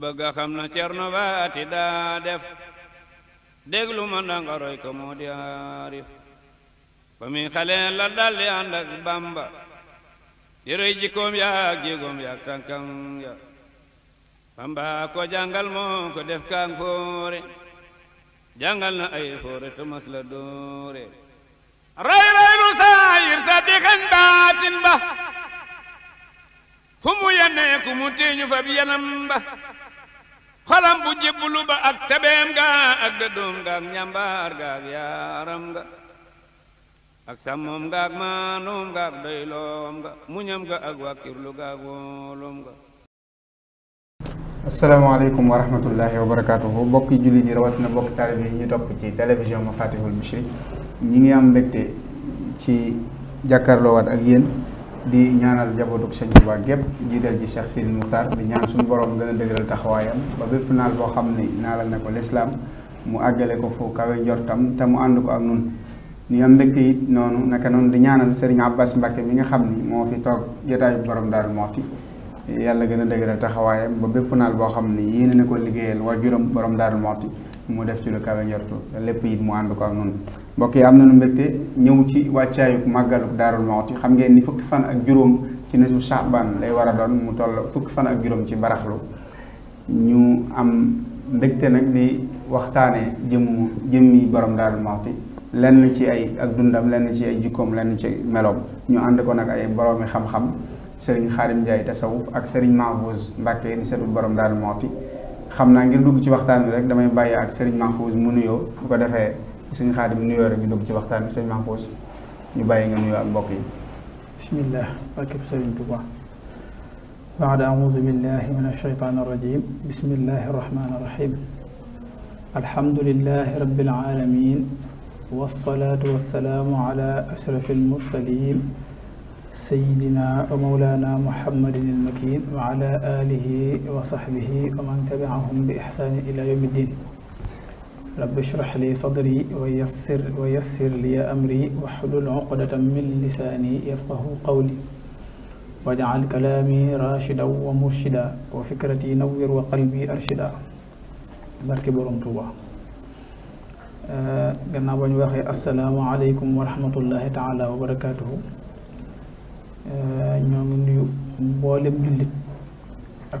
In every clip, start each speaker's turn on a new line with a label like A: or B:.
A: ku xam na cerno baati daa def déglu ma ndanga roy ko moo di aarif ba muy xale la daldi ànd ak bamba di roy jikkoom yaak jéegoom yaak tànkam ya bamba ko jàngal moo ko def kaang foore jàngal na ay foore tumas la doore ray saayir sa baatin ba fu mu yenee ku mu fa bi ba xolam bu jébbalu ba ak tebeem ga ak dëddoom ga ak ñambaar ga ak yaaram ga ak sàmmoom ga ak maanoom ga ak doyloom ga muñam ga ak wàkkirlu ga ak
B: wóoloom ga asalaamaaleykum wa rahmatullahi wa barakatuhu bokki jullit yi rawatina bokki taalibe yi ñu topp ci télévision Mafatihul Bichri ñi ngi am mbégte ci jàkkaarloowaat ak yéen di ñaanal jabootug sëñ Tuubaa gépp jiital ci Cheikh Sidi Muxtaar di ñaan suñu borom gën a dëgëral taxawaayam ba bépp naal boo xam ne naalal na ko lislaam mu àggale ko fu kawe njortam te mu ànd ko ak nun ñu am mbégte it noonu naka noonu di ñaanal sëriñ Abbas Mbacke mi nga xam ni moo fi toog jotaayu borom Daaru Muxti yàlla gën a dëgëral taxawaayam ba bépp naal boo xam ne yéene na ko liggéeyal waajuram borom Daaru Muxti mu def ci lu kawe njortu lépp it mu ànd ko ak nun mbokk yi am nañu mbégte ñëw ci wàccaayu màggalu Daarul Mawti xam ngeen ni fukki fan ak juróom ci nisu Shaaban lay war a doon mu toll fukki fan ak juróom ci baraxlu ñu am mbégte nag di waxtaane jëmm jëmmi borom Daarul Mawti lenn ci ay ak dundam lenn ci ay jikkoom lenn ci meloom ñu ànd ko nag ay boroomi xam-xam sëriñ Xaadim Njaay tasawuf ak sëriñ Mahfouz Mbàkke di setu borom Daarul Mawti xam naa ngir dugg ci waxtaan bi rek damay bàyyi ak sëriñ Mahfouz mu nuyoo bu ko defee suñu xaadim nuyoo rek ñu dugg ci waxtaan bi sëñ Mampus ñu bàyyi nga nuyoo ak mbokk yi
C: bismillah barkeb sëriñ Tuuba baada audu billahi min alsheytaan arrajim bismillahi arrahmani arrahim alhamdulilahi rabbil alamin wasalaatu wasalaamu ala ashrafi almursalin sayidina wa mawlana muhammadin almakin wa ala alihi wa sahbihi wa man tabiahum bi ihsani ila yawmi ddin rabbi shrah li sadri wa yassir li amri wahlul uqdatan min lisaani yafqahu qawli waj'al kalaami raashidan wa murshida wa fikrati nawwir wa qalbi arshida barki borom Tuuba eh, gannaaw ba ñu waxee assalaamu taala wa barakaatuhu eh, ñoo ngi nuyu mboolem ak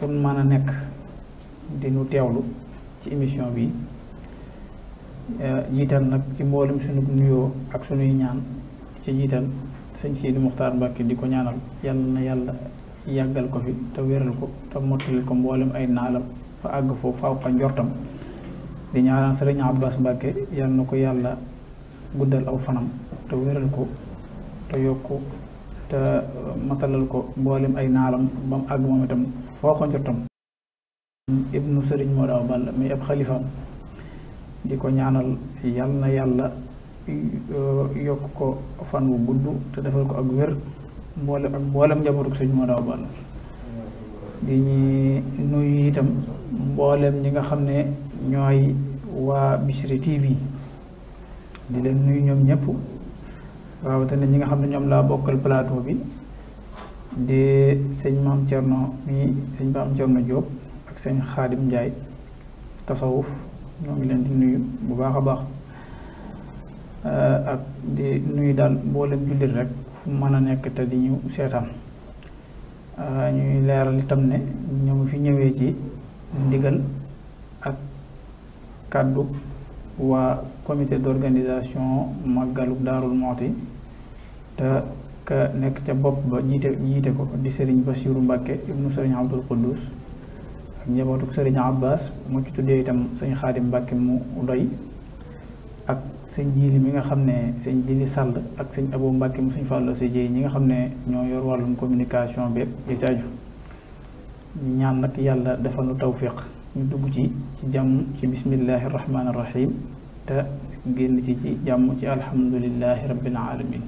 C: fun mën nekk di nu teewlu ci émission bi euh, jiital nag ci mboolem sunu nuyoo ak sunuy ñaan ci jiital sëñ Sidi Muxtaar Mbàkke di ko ñaanal yàlla na yàlla yàggal ko fi te wéral ko te mottalil ko mboolem ay naalam fa àgg foofu faaw ko njortam di ñaanal sëriñ Abbas Mbàkke yàlla na ko yàlla guddal aw fanam te wéral ko te yokku te matalal ko mboolem ay naalam ba mu àgg moom itam foo ko njortam ibnu sëriñ moo daaw balla muy ab xalifaam di ko ñaanal yal na yàlla e, yokk ko fan wu te defal ko ak wér ak mboolem njabootu sëriñ moo daaw balla di ñi nuyu itam mboolem ñi nga xam ne ñooy waa Bichri TV di leen nuyu ñoom ñëpp waaw te ne ñi nga xam ne ñoom laa bokkal plateau bi di sëñ maam Thierno mi sëñ maam Thierno Diop seen xaadim njaay tasawuf ñoo ngi leen di nuyu bu baax a baax eh, ak di nuyu daal mboolem jullit rek fu mën a nekk te di ñu seetaan eh, ñuy leeral itam ne ñoo fi ñëwee ci ndigal ak kàddu waa comité d'organisation màggalu Daarul Muxti te ka nekk ca bopp ba jiite jiite ko di Serigne Bassirou Mbacke ibnu Serigne Abdoul Quddus ak njabootuk sëriñ Abbas mu ci tuddee itam sëñ Xaadim Mbàkke mu doy sëñ Jiili mi nga xam ne sëñ Jiili Sàll ak sëñ Abo Mbàkke sëñ Fàllu si ñi nga xam ne ñoo communication bépp di ci yàlla defal nu tawfiq ñu dugg ci ci jàmm ci bismillahi rahmaani rahim te génn ci ci jàmm ci alhamdulillahi rabbil alamin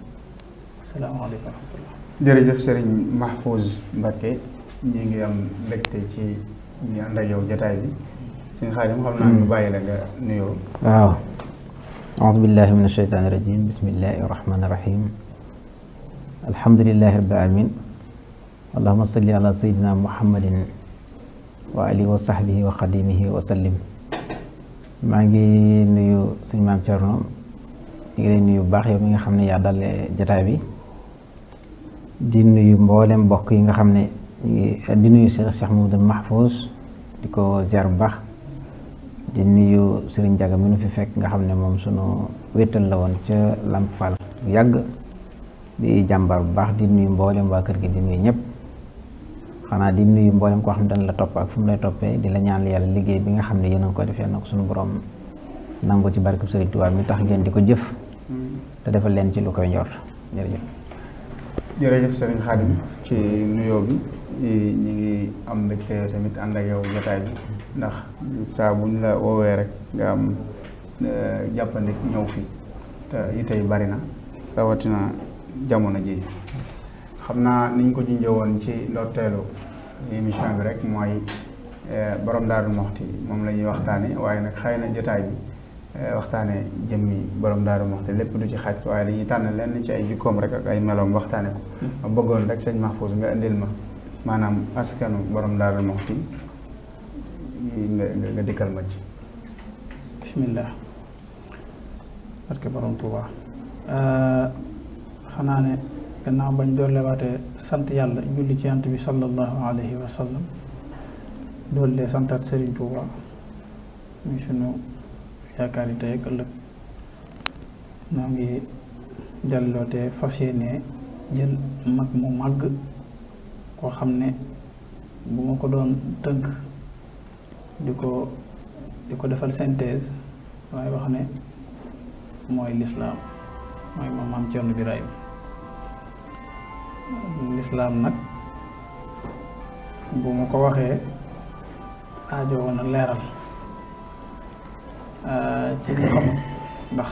C: asalaamaaleykum wa rahmatullah
B: jërëjëf sëriñ Mahfouz Mbàkke ñi ngi am mbégte ci ñu ànd ak yow jotaay bi sëñ Xaadim xam naa hmm. ñu bàyyi la nga nuyoo waaw
D: aoudu billahi min asheytaani rajim bismillahi rahmaani rahim alhamdulilahi rabbil alamin allahuma salli ala sayidina muhammadin wa wa sahbihi wa xadimihi wa sallim maa ngi nuyu sëñ maam Thierno ngi lay nuyu baax yow mi nga xam ne yaa dale jataay di nuyu mboolem mbokk yi nga xam ne di nuyu Cheikh Cheikh Mouhamadou Mahfouz di ko ziar bu baax di nuyu sëriñ Serigne mu mënu fi fekk nga xam ne moom sunu wéttal la woon ca Lamp yàgg di jàmbar bu baax di nuyu mboolem waa kër gi di nuyu ñëpp xanaa di nuyu mboolem koo xam ne dana la topp ak fu mu lay toppee di la ñaan yàlla liggéey bi nga xam ne yéen a ko defee nag sunu borom nangu ci barkeb Serigne mu mi tax ngeen di ko jëf te defal leen ci lu koy njort jërëjëf.
B: jërëjëf Serigne Khadim ci nuyoo bi. ñu ngi am mbégte tamit ànd ak yow jotaay bi ndax saa buñ la woowee rek nga am e, jàppandik ñëw fii te itay bari na rawatina jamono ji xam naa niñ ko junjee woon ci ndorteelu émission bi rek mooy e, borom Daaru Moxti moom la ñuy waxtaane waaye nag xëy na jotaay bi e, waxtaane jëmmi borom Daaru Moxti lépp du ci xaj waaye dañuy tànn lenn ci ay jikkoom rek ak ay meloom waxtaane ko hmm. ma bëggoon rek sëñ Mahfouz nga indil ma maanaam askanu borom Daaru Muxti nga nga dikkal ma ci
C: bismillah barke borom Tuuba eh, xanaa ne gannaaw bañ doole waatee sant yàlla julli ci yant bi sallallahu alayhi wa sallam doole santaat Serigne Touba muy sunu yaakaar yi tey ak ëllëg noo ngi jàllootee fas yéene jël mag mu màgg koo xam ne bu ma ko doon tënk di ko di ko defal synthèse damay wax ne mooy lislaam mooy moom maam Cerno Birahim lislaam nag bu ma ko waxee aajo woon a leeral euh, ci li xam ndax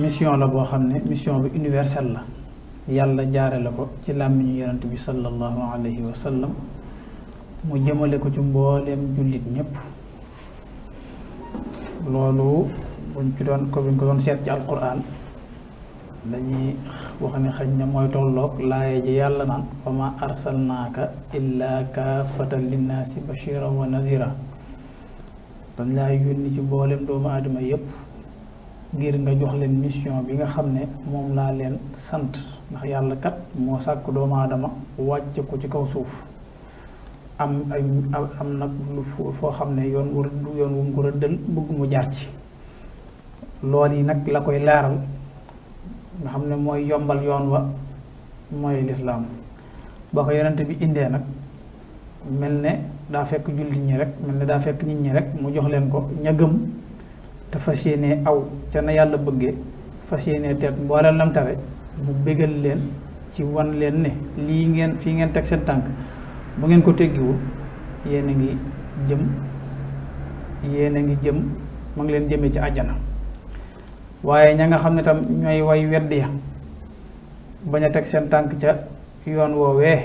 C: mission la boo xam ne mission bi universelle la yàlla jaare la ko ci làmmiñu yonent bi sallallahu alayhi wa mu jëmale ko ci mbooleem jullit ñépp loolu buñ ci doon ko buñ ko doon seet ci alquran dañuy wax ne xëy na mooy tolloog laaya ji yàlla naan wa ma arsalnaaka illa kaafatan linnaasi bashiran wa nazira dañ laa yónni ci mbooleem doomu aadama yépp ngir nga jox leen mission bi nga xam ne moom laa leen sant ndax yàlla kat moo sàkk doomu aadama wàcce ko ci kaw suuf am ay am nag lu foo xam ne yoon war yoon wu mu ko rëddal bëgg mu jaar ci lool yi nag la koy laaral nga xam ne mooy yombal yoon wa mooy lislaam boo ko yonent bi indee nag mel ne daa fekk jullit ñi rek mel ne daa fekk nit ñi rek mu jox leen ko ña gëm te fas yéenee aw ca na yàlla bëggee fas yéenee teet mbooleem lam tare mu bégal leen ci wan leen ne lii ngeen fii ngeen teg seen tànk bu ngeen ko teggiwul yéen a ngi jëm yéen a ngi jëm mu ngi leen jëmee ci àjjana waaye ña nga xam ne tam ñooy way wedd ya bañ a teg seen tànk ca yoon woowee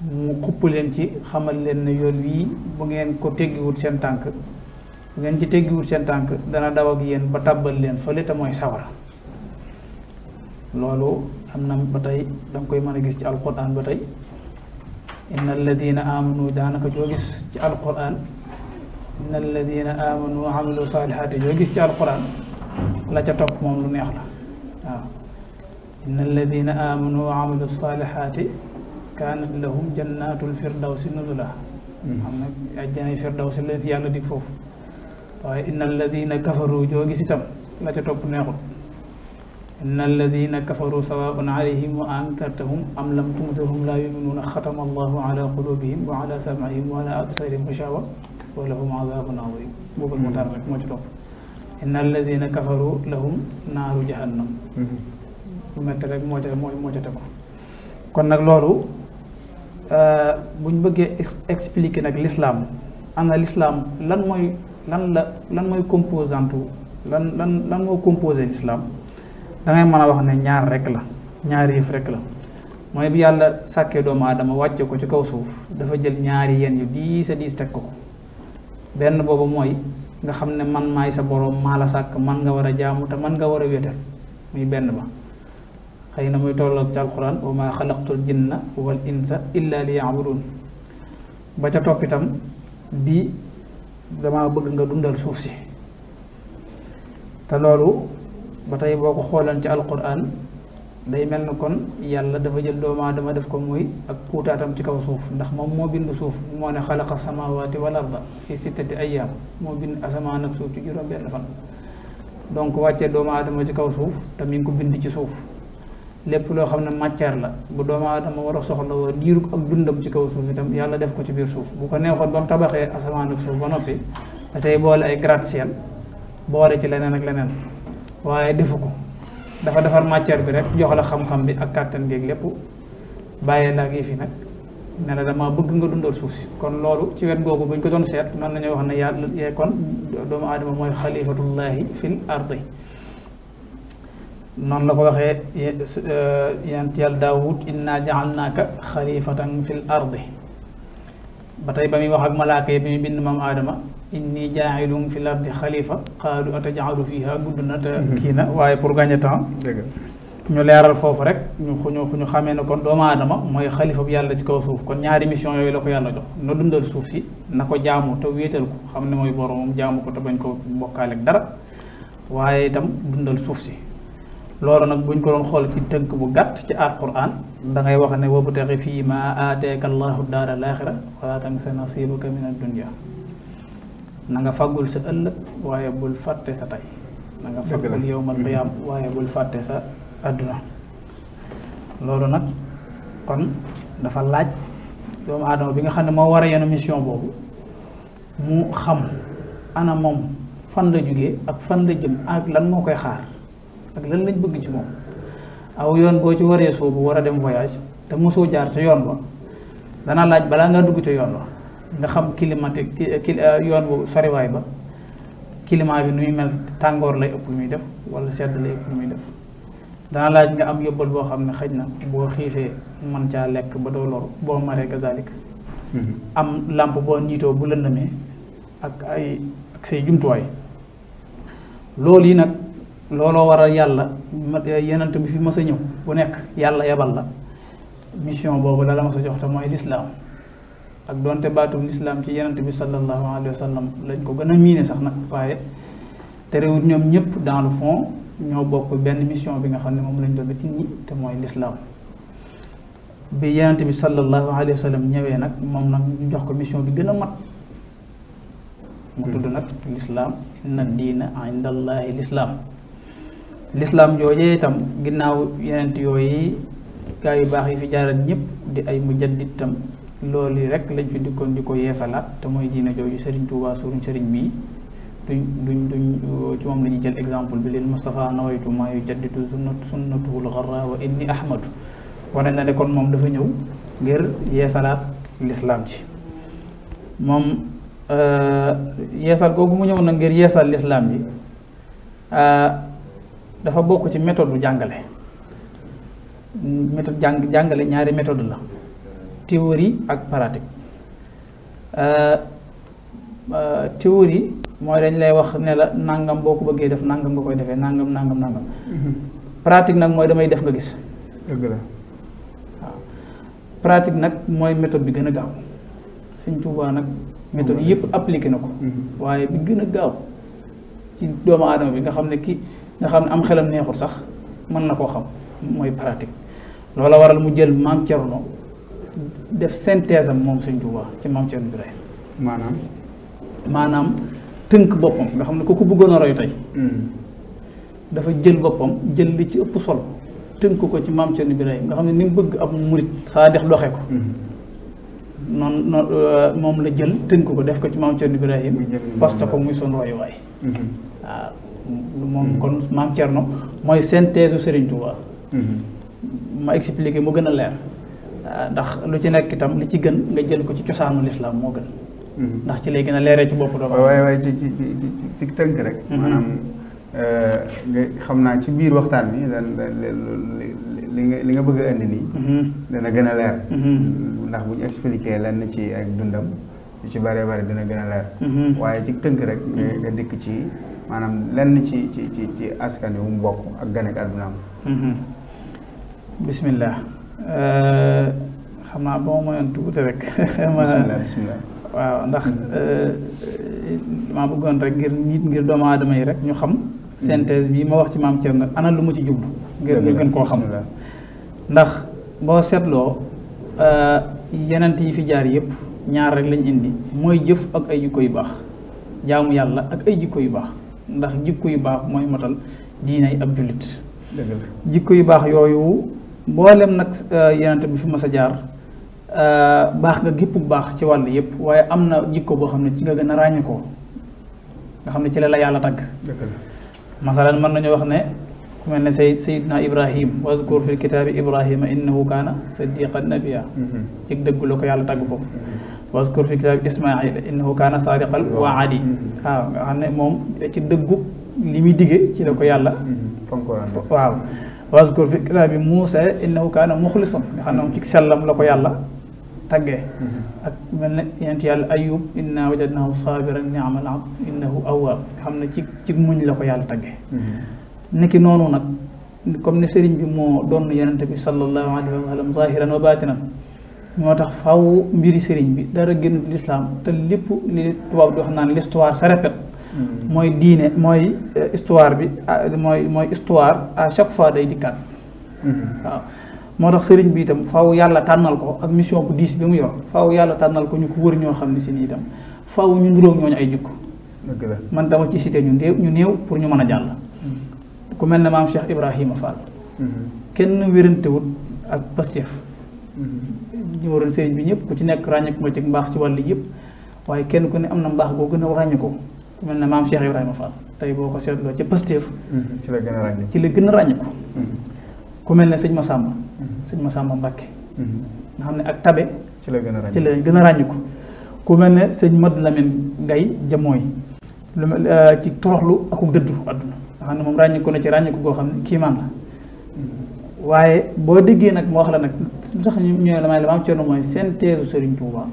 C: mu xupp leen ci xamal leen ne yoon wii bu ngeen ko teggiwut seen tànk bu ngeen ci teggiwut seen tànk dana daw ak yéen ba tàbbal leen fële te mooy sawara loolu am na ba tey da nga koy mën a gis ci alquran ba tey inna alladina amanu daanaka joo gis ci alquran inna alladina amanu wa amilu saalihaati joo gis ci alquran la ca topp moom lu neex la waaw inna alladina amanu wa amilu saalihaati kaanat lahum jannatul firdawsi nuzula hmm. xam na ajjanay firdawsi la yàlla di foofu waaye inna alladina kafaru joo gis itam la ca topp neexul inna alladina kafaru sawaun alayhim wa antartahum am lam tundirhum laa yuminuuna xatama allahu ala qulubihim wa ala samcihim wa ala absarihim gishawa wa lahum adabun adim boobal mu tar rek moo ci topp inna naaru jahannam bu métti rek moo ca moo ca tegu kon nag loolu euh, buñ bëggee expliquer nag l'islam ana l'islam lan mooy lan la lan mooy composante lan lan lan moo composé lislaam da ngay mën a wax ne ñaar rek la ñaari yëf rek la mooy bi yàlla sàkkee doomu aadama wàcce ko ci kaw suuf dafa jël ñaari yéen yu diis diis teg ko ko benn boobu mooy nga xam ne man maay sa boroom maa la sàkk man nga war a jaamu te man nga war a wéetal muy benn ba xëy na muy tolloog ci alquran wa maa xalaqtul jinna wal insa illa li yaabudun ba ca topp itam di dama bëgg nga dundal suuf si te loolu ba tey boo ko xoolan ci alquran day mel na kon yàlla dafa jël doomu aadama def ko muy ak kuutaatam ci kaw suuf ndax moom moo bind suuf moo ne xalaqa samawaati wal arda fi sittati ayyaam moo bind asamaan ak suuf ci juróom-benn fan donc wàccee doomu aadama ci kaw suuf te mi ngi ko bind ci suuf lépp loo xam ne matière la bu doomu aadama war a soxla woo diiru ak dundam ci kaw suuf itam yàlla def ko ci biir suuf bu ko neexoon ba mu tabaxee asamaan ak ba noppi da tey boole ay gratte-ciel boole ci leneen ak leneen waaye defu ko dafa defar matière bi rek jox la xam-xam bi ak kàttan geeg lépp bàyyee la ak fi nag ne la dama bëgg nga dundal suuf si kon loolu ci wet googu buñ ko doon seet mën nañoo wax ne yàlla yee kon doomu aadama mooy xalifatullahi fil ardi noonu la ko waxee yent eh, yàlla daawud inna jaalnaaka xalifatan fil ardi ba tey ba muy wax ak malaaka bi muy bind maam aadama inni jaa'ilun fil di xalifa qaalu ataj'alu fiha buddunata mhm. kii na waaye pour gagner temps ñu leeral foofu rek ñu ñu ñu xamee ne kon doomu aadama mooy xalifa bu yàlla ci kaw suuf kon ñaari mission yooyu la ko yàlla jox na dundal suuf si na ko jaamu te wéetal ko xam ne mooy boromam jaamu ko te bañ ko bokkaale ak dara waaye itam dundal suuf si loolu nag buñ ko doon xool ci tënk bu gàtt ci alquran da ngay wax ne wa btaxi fii ma ka allahu daara al axira na nga fàggul sa ëllëg waaye bul fàtte sa tey na nga fàggul yowmal qiyaam mm-hmm. waaye bul fàtte sa àdduna loolu nag kon dafa laaj doomu aadama bi nga xam ne moo war a mission boobu mu xam ana moom fan la jógee ak fan la jëm ak lan moo koy xaar ak lan lañ bëgg ci moom aw yoon boo ci waree bu war a dem voyage te mosoo jaar ca yoon ba dana laaj balaa nga dugg ca yoon ba nga xam kilimati ki euh, yoon bu soriwaay ba climat bi nu muy mel tàngoor lay ëpp muy def wala sedd lay ëpp muy def dana laaj nga am yóbbal boo xam ne xëj na boo xiifee man caa lekk ba doo loru boo maree gazalik mm-hmm. am làmp boo niitoo bu lëndamee ak ay ak say jumtuwaay loolu yi nag looloo waral yàlla yenent bi fi ma a ñëw bu nekk yàlla yebal la mission boobu dala la mës a jox te mooy lislaam ak donte baatub lislaam ci yenant bi sallallahu alayhi wa lañ ko gën a miine sax nag waaye te réewut ñoom ñëpp dans le ñoo bokk benn mission bi nga xam ne moom lañ doon nit ñi te mooy lislaam bi yenant bi sallallahu alayhi wa sallam ñëwee nag moom nag ñu jox ko mission bi gën a mat mu tudd hmm. nag lislaam inna diina inda lislaam lislaam joojee itam ginnaaw yenent yooyu gaa yu baax yi fi jaarat ñëpp di ay mujjadid itam loolu yi rek lañ fi dikkoon di ko yeesalaat te mooy diina jooju Serigne Touba suruñ sëriñ bii duñ duñ duñ ci moom lañuy jël exemple bi leen Moustapha nawaytu maa yu jadditu sunnat sunnatuhul xarra wa inni ahmadu wane na ne kon moom dafa ñëw ngir yeesalaat lislaam ci moom euh, yeesal googu mu ñëw nag ngir yeesal lislaam bi euh, dafa bokk ci méthode bu jàngale méthode jàng jàngale ñaari méthode la théorie ak pratique euh, euh, théorie mooy dañ lay wax ne la nangam boo ko bëggee def nangam nga koy defee nangam nangam nangam mm-hmm. pratique nag mooy damay def nga gis dëgg la waaw pratique nag mooy méthode bi gën a gaaw Sëñ Tuubaa nag méthode yëpp appliqué na ko mm-hmm. waaye bi gën a gaaw ci doomu aadama bi nga xam ne kii nga xam ne am xelam neexul sax mën na koo xam mooy pratique loola waral mu jël maam Cerno def synthèse am moom sëñ waa ci maam Cerno Ibrahima maanaam maanaam tënk boppam nga xam ne ko ko bëggoon a roy tey hmm. dafa jël boppam jël li ci ëpp solo tënk ko ci maam Cerno Ibrahima nga xam ne ni mu bëgg ab murit saa dex doxe ko hmm. noonu noonu euh, moom la jël tënk ko def ko ci maam Cerno Ibrahima poste ko muy son royuwaay hmm. waaw moom kon maam Cerno mooy synthèse u Sëriñ Tuubaa ma expliqué mu gën a leer ndax lu ci nekk itam li ci gën nga jël ko ci cosaanu lislaam moo gën mm-hmm. ndax ci lay gën a leeree ci bopp doomu waaye waaye ci ci ci ci tënk rek
B: mm-hmm. maanaam euh, nga xam naa ci biir waxtaan bi dan li nga li nga bëgg a indi nii mm-hmm. dana gën a leer ndax bu ñu expliqué lenn ci ak dundam yu ci bëree bëri dina gën a leer waaye ci tënk rek nga dikk ci maanaam lenn ci ci ci ci askan wi mu bokk ak gane ak addunaam
C: bismillah Euh, xam naa boo mayoon tuuti rek. bisimilah bisimilah waaw ndax hmm. euh, maa bëggoon rek ngir nit ngir doomu aadama yi rek ñu xam. Hmm. synthèse bi ma wax ci maam Thierno ana lu mu ci jublu. ngir ñu gën koo xam ndax boo seetloo euh, yenent yi fi jaar yëpp ñaar rek lañ indi mooy jëf ak ay jikko yu baax jaamu yàlla ak ay jikko yu baax ndax jikko yu baax mooy matal diinay ab jullit. jikko yu baax yooyu. mboolem nag euh, yonent bi fi mas a jaar euh, baax nga gépp bu baax ci wàll yépp waaye am na jikko boo xam ne ci nga gën a ràññee ko nga xam ne ci la la yàlla tagg masalan mën nañu wax ne ku mel ne say sayidna ibrahim wazkur fil kitaabi ibrahima innahu kaana sadiqan nabiyya mm-hmm. ci dëggu la ko yàlla tagg ko wazkur fil kitaabi ismaila innahu kaana sadiqal waadi mm-hmm. waaw nga xam ne moom ci dëggu li muy digge ci la ko yàlla mm-hmm. waaw waskur fi kitaabi Muusaa innahu kaana nga xam ne moom ci sellam la ko yàlla taggee mm-hmm. ak mel ne yent yàlla ayub inna wajadnahu saabiran ni'mal abd innahu awwaab nga xam ne ci ci muñ la ko yàlla taggee mm-hmm. niki noonu nag comme ni sëriñ bi moo doon yonent bi sallallahu alayhi wa moo tax faw mbiri sëriñ bi dara génn lépp li tubaab di Mm-hmm. mooy diine mooy euh, histoire bi euh, mooy mooy histoire à chaque fois day dikkaat
E: mm-hmm.
C: waaw moo tax sëriñ bi itam faw yàlla tànnal ko ak mission bu diis bi mu yor faaw yàlla tànnal ko ñu ko wër ñoo xam ne si nii ñu nuróog ñooñu ay jukko man dama ci cité ñu ñu néew pour ñu mën a jàll
E: mm-hmm.
C: ku mel ne maam Cheikh Ibrahima Fall kenn wérantewut ak Pastef ñu waroon sëriñ bi ñëpp ku ci nekk ràññeeku ma ci mbaax ci wàll yëpp waaye kenn ku ne am na mbaax boo gën a ràññeeku ko ku mel ne maam Cheikh Ibrahima Fall tey boo ko seetloo ca Pastef mhm, ci la gën a ràññeeku ci la gën a ràññeeku mhm. ku mel ne sëñ Massamba mhm. sëñ Massamba Mbacke nga xam ne ak tabe ci la gën a ci la gën a ràññeeku ku mel ne sëñ Modou Lamine Ngay jamooy lu euh, ci toroxlu akuk dëddu àdduna nga xam ne moom ràññeeku na ci ràññeeku goo xam ne kii man la waaye boo déggee nag moo wax la nag lu tax ñu ñëw la may la maam Cerno mooy seen teesu Sëriñ Tuubaa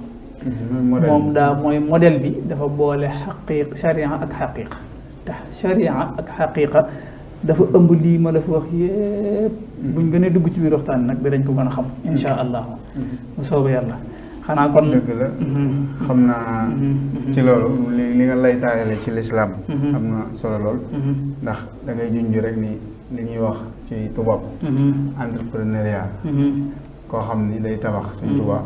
C: moom daa mooy modèle bi dafa boole xaqiq sharia ak xaqiqa tax sharia ak xaqiqa dafa ëmb lii ma la fa wax yépp mm-hmm. buñ gën a dugg ci biir waxtaan nag bi dañ ko mën a xam insha mm-hmm. allah mm-hmm. bu soobee yàlla xanaa kon dëgg la
B: xam naa ci loolu li li nga lay taarale ci lislaam am na solo lool ndax da ngay junj rek ni li ñuy wax ci tubaab entrepreneuriat koo xam ni day tabax suñ tubaab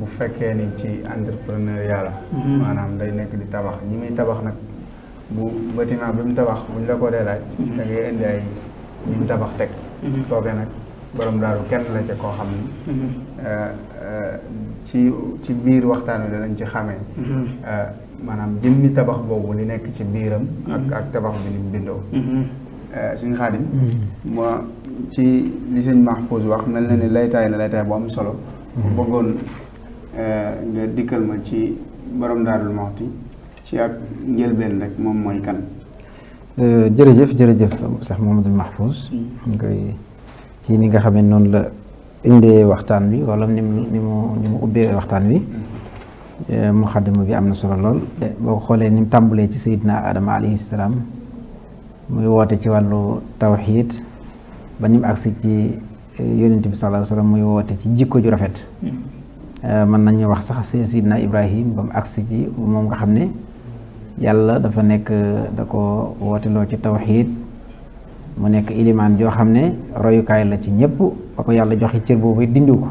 B: bu fekkee ni ci entrepreneuriat la mm-hmm. maanaam day nekk di tabax ñi muy tabax nag bu bâtiment bi mu tabax buñ la ko dee laaj mm-hmm. da indi ay ñi mu tabax teg kooke mm-hmm. nag borom daaru kenn la ca koo xam ni
E: uh,
B: uh, ci ci biir waxtaan wi danañ ci xamee uh, maanaam jëmmi tabax boobu li nekk ci biiram ak ak tabax bi ni mu bindoo suñ xaadim moo ci li sëñ Mahfouz wax mel na ni laytaay na laytaay bu am solo bëggoon Eh, nga dikkal ma ci borom daarul moxti ci ak njëlbeen rek moom mooy kan.
D: Eh, jërëjëf jërëjëf Cheikh Mouhamadoul Mahfouz. Mm. ci ni nga xam noonu la indee waxtaan wi wala ni mu ni mu ni mu ubbee waxtaan wi. bi mm. eh, am na solo lool. boo xoolee ni mu tàmbalee ci Seydina Adama alayhi salaam muy woote ci wàllu tawxiid ba ni mu agsi ci yonent bi sallallahu alayhi muy woote ci jikko ju rafet. Mm. Euh, mën nañu wax sax Seydina Ibrahim ba mu agsi ci moom nga xam ne yàlla dafa nekk euh, da ko wooteloo ci tawxiid mu nekk ilimaan joo xam ne royukaay la ci ñëpp ba ko yàlla joxe cër boobu dindiw ko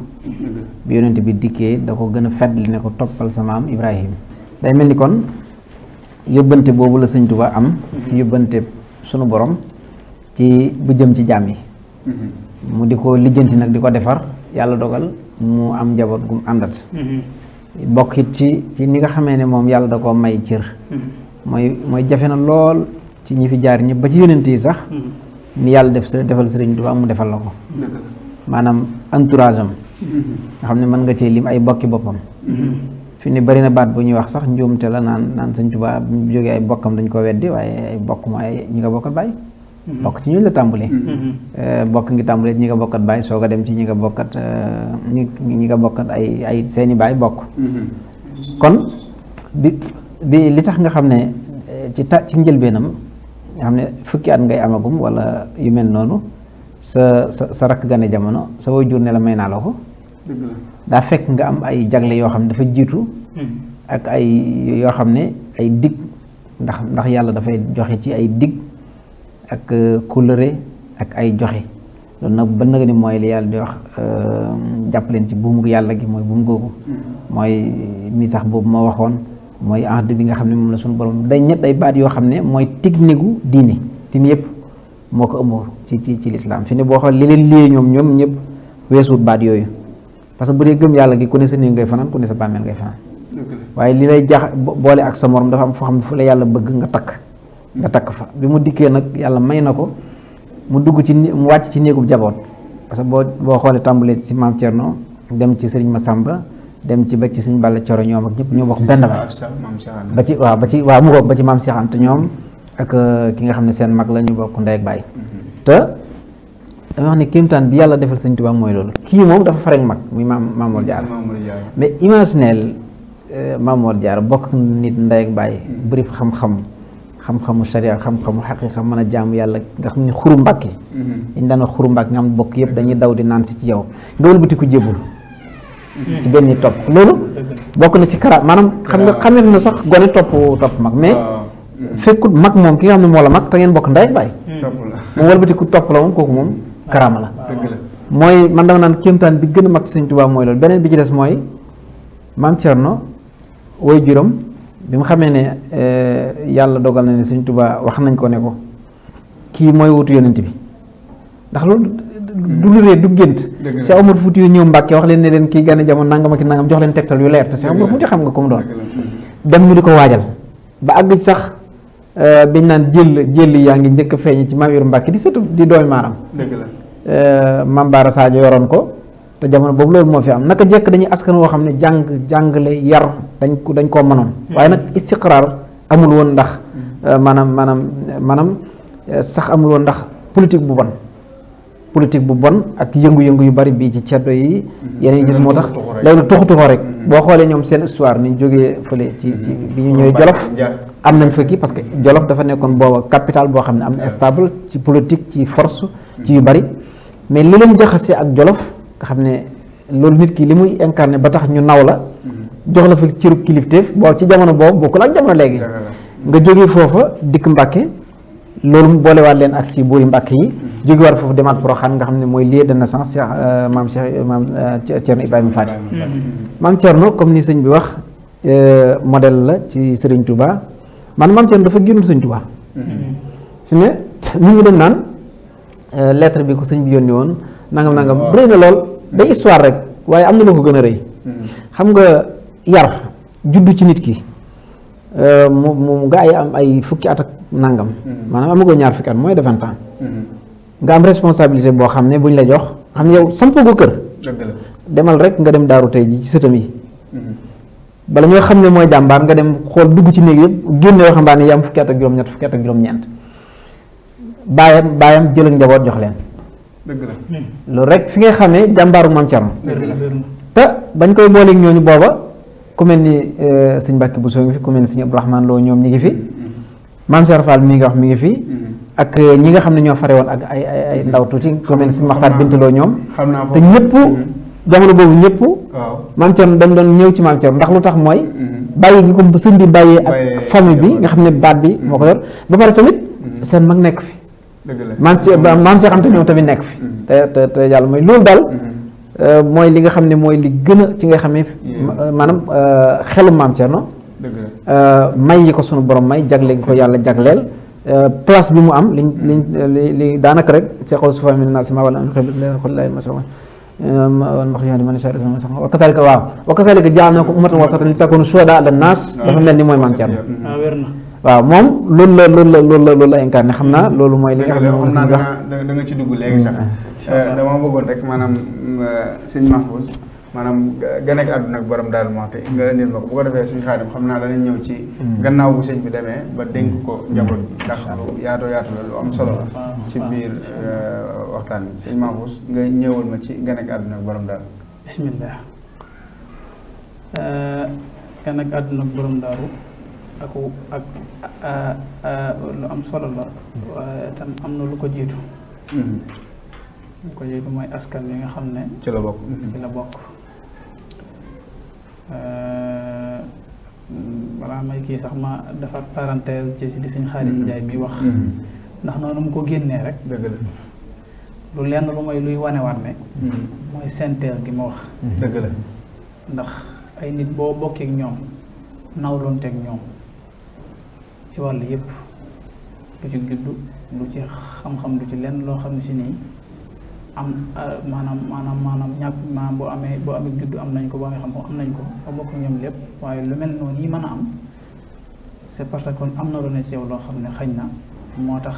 D: bi yonent bi dikkee da ko gën a fedd li ne ko toppal sama am Ibrahim day mel ni kon yóbbante boobu la sëñ Tuubaa am ci yóbbante sunu borom ci bu jëm ci jaam yi
E: mm-hmm.
D: mu di ko lijjanti nag di ko defar yàlla dogal mu am njaboot gum àndat mm-hmm. bokk it ci ci ni nga xamee ne moom yàlla da koo may cër mm-hmm. mooy mooy jafe na lool ci ñi fi jaar ñëpp ba ci yonent yi sax
E: mm-hmm.
D: ni yàlla def defal sa sëriñ Tuubaa mu defal la ko maanaam entourage am nga xam ne mën nga cee lim ay bokki boppam fi ne bari na baat bu ñuy wax sax njuumte la naan naan sëñ Tuubaa bu jógee ay bokkam dañ ko weddi waaye ay bokk ma ay ñi nga bokkal bàyyi Mm-hmm. bokk ci ñooñu la tàmbalee. Mm-hmm. Eh, bokk ngi tàmbalee ñi nga bokkat baay soog a dem ci ñi nga bokkat eh, ñi ñi nga bokkat ay ay seeni baay bokk. Mm-hmm. kon bi bi li tax nga xam ne eh, ci ta ci njëlbeenam nga xam ne fukki at ngay amagum wala yu mel noonu sa sa sa rakk gane jamono sa waajur ne la may naa la ko. daa fekk nga am ay jagle yoo xam ne dafa jiitu. ak ay yoo xam ne ay dig ndax ndax yàlla dafay joxe ci ay dig. ak euh, kóllëre ak ay joxe loolu nag ba nag ni mooy li yàlla di wax euh, jàpp leen ci buumu yàlla gi mooy buum googu mm-hmm. mooy misax boobu ma waxoon mooy ahd bi nga xam ne moom la suñu borom day ñett ay baat yoo xam ne mooy technique gu diine diine yëpp moo ko ëmb ci ci ci lislaam fi ne boo xool li leen liyee ñoom ñoom ñëpp weesuut baat yooyu parce que bu dee gëm yàlla gi ku ne sa néeg ngay fanaan ku ne sa bàmmeel ngay fanaan waaye li lay jaax boole ak sa morom dafa am foo xam ne fu yàlla bëgg nga takk nga takk fa bi mu dikkee nag yàlla may na ko mu dugg ci mu wàcc ci néegub jaboot parce que boo boo xoolee tàmbalee ci maam Thierno dem ci sëriñ Massamba dem ci ba ci sëriñ Balla Coro ñoom ak ñëpp ñoo bokk benn ba ba ci waaw ba ci waaw mu ko ba ci maam Cheikh Anta ñoom ak euh, ki nga xam ne seen mag la ñu bokk ndey ak baay te dama wax ne kéemtaan bi yàlla defal sëriñ Tuubaa mooy loolu kii moom dafa fareeg mag muy maam Mamour Diarra mais imaginel euh, Mamour jaar bokk nit ndey ak baay mm. bëri xam-xamu sharia xam-xamu xaqiqa mën a jaamu yàlla nga xam ne xuru mbàkke dañ daan wax xuru mbàkke nga xam bokk yëpp dañuy mm-hmm. daw di naan si ci yow nga wëlbatiku jébul
E: mm-hmm.
D: ci benn topp loolu mm-hmm. bokk na ci karaat maanaam xam xamee na sax gone topp topp mag mais fekkut mag moom ki nga xam ne moo la mag te ngeen bokk ndey baay moom wëlbatiku topp la moom kooku moom karaama la mooy man dama naan kéemtaan bi gën a mag Sëñ Tuubaa mooy loolu beneen bi ci des mooy maam Cerno way juróom bi mu xamee ne euh, yàlla dogal na ne suñ tubaa wax nañ ko ne ko kii mooy wutu yonent bi ndax loolu du lu ree du gént si Omar Fuuti yu ñëw Mbàkke wax leen ne leen kii gane jamono nangam ak nangam jox leen tegtal yu leer te si Omar Fuuti xam nga ko mu doon dem ñu di ko waajal ba àgg sax euh, biñ naan jël jël yaa ngi njëkk feeñ ci Maam Yoro Mbàkke di sëtu di doomi maaram euh, Maam Baara yoroon ko te jamono boobu loolu moo fi am naka jekk dañuy askan woo xam ne jàng jàngale yar dañ ko dañ koo mënoon hmm. waaye nag istiqraar amul woon ndax hmm. euh, maanaam maanaam maanaam euh, sax amul woon ndax politique bu bon politique bu bon ak yëngu-yëngu yu bari bii ci ceddo yi hmm. yeneen gis moo tax loolu tuxutuxoo rek boo xoolee ñoom seen histoire ni ñu jógee fële ci ci bi ñu ñëwee jolof am nañ fa kii parce que jolof dafa nekkoon booba capital boo xam ne am na stable ci politique ci force ci yu bari mais li leen jaxasee ak jolof nga xam ne loolu nit ki li muy incarné ba tax ñu naw la mm-hmm. jox la fa cërub kilifteef boo ci jamono boobu bokkul ak jamono léegi nga jógee foofa dikk Mbàkke loolu boolewaat leen ak ci buuri mbakk yi mm-hmm. jógewaat foofu demaat Poroxaan nga xam ne mooy lieu de naissance Cheikh euh, maam Cheikh maam euh, mm-hmm. comme ni sëñ bi wax euh, modèle la ci Sëriñ Touba man maam Thierno dafa génn Sëriñ Touba fi ne nit ñi dañ naan lettre bi ko sëñ bi yónni woon nangam nangam rëy na lool mm. day histoire rek waaye am na lu ko gën a rëy mm. xam nga yar juddu ci nit ki euh, mu mu nga ay am ay fukki at ak nangam mm. maanaam amagoo ñaar fukki at mooy de vingt ans mm-hmm. nga am responsabilité boo xam ne buñ la jox xam ne yow sampoo ko kër demal rek nga dem daaru tey ji ci sëtam yi mm-hmm. bala ñoo xam ne mooy jàmbaar nga dem xool dugg ci néeg yëpp génne waxambaane yi am fukki at ak juróom-ñett fukki at ak ñeent baayam baayam jël ak njaboot jox leen
B: loolu
D: rek fi ngay xamee jàmbaaru maam Cerno te bañ koy booleeg ñooñu booba ku mel ni euh, sëñ Mbàkke Bousso ngi fi ku mel ni sëñ Abdourahmane Lo ñoom ñi ngi fi mm-hmm. mi nga wax mi ngi fi mm-hmm. ak euh, ñi nga xam ne ñoo fare woon ak ay ay ndaw tuuti ku mel ni sëñ Maxtaar Bintu Lo ñoom te ñëpp mm-hmm. jamono boobu ñëpp maam Cerno dañ doon ñëw ci maam Cerno ndax lu tax mooy bàyyi gi ko sëñ bi bàyyee ak famille bi nga xam ne baat bi moo ko yor ba pare tamit seen mag nekk fi maam ci maam see xam te ñoom tamit nekk fi mm-hmm. te te te yàlla mooy loolu daal mm-hmm. euh, mooy li nga xam ne mooy li gën a ci nga xam ne mm-hmm. euh, maanaam euh, xelum maam Cerno may yi ko sunu borom may jagle ko yàlla jagleel place bi mu am liñ liñ li daanaka rek seexal suufa min naa sama wala xolilaahi masama wa kasaalika waaw wa kasaalika jaalnaakum ummatan wasatan li takuunu shuhadaa alan naas ah. dafa mel ni mooy maam Cerno ah, waaw moom loolu la loolu la loolu la loolu xam naa hmm. loolu mooy li nga xam ne moom
B: da nga ci dugg léegi sax hmm. euh, dama bëggoon rek maanaam euh, sëñ Mahfouz maanaam gane àdduna ak borom daal moo te nga indil ma ko bu ko ñëw ci hmm. gannaaw bu sëñ bi demee ba dénk ko njaboot bi yaatu la lu am solo la ci biir euh, waxtaan bi sëñ Mahfouz nga ñëwal ma ci gane ak àdduna ak borom daal
C: bismillah gane àdduna ak borom ak ak euh, lu am solo la tam am na lu ko jiitu mm-hmm. lu ko jiitu mooy askan bi nga xam ne ci la bokk mm-hmm. ci la bokk
E: euh,
C: balaa may kii sax ma defar parenthèse ci si di sëñ Xaadim mm-hmm. Njaay mi wax ndax noonu mu ko génnee rek dëgg lu lenn lu mooy luy wanewaat ne mooy synthèse gi ma wax dëgg la ndax ay nit boo bokkee ak ñoom nawloonteeg ñoom ci wàll yépp du ci juddu du ci xam-xam du ci lenn loo xam ne si nii am euh, maanaam maanaam maanaam ñàkk maanaam boo amee boo amee juddu am nañ ko boo amee xam-xam am nañ ko ba bokk ñoom lépp waaye lu mel noonu yi mën a am c'est parce que kon am na lu ne ci loo xam ne xëy na moo tax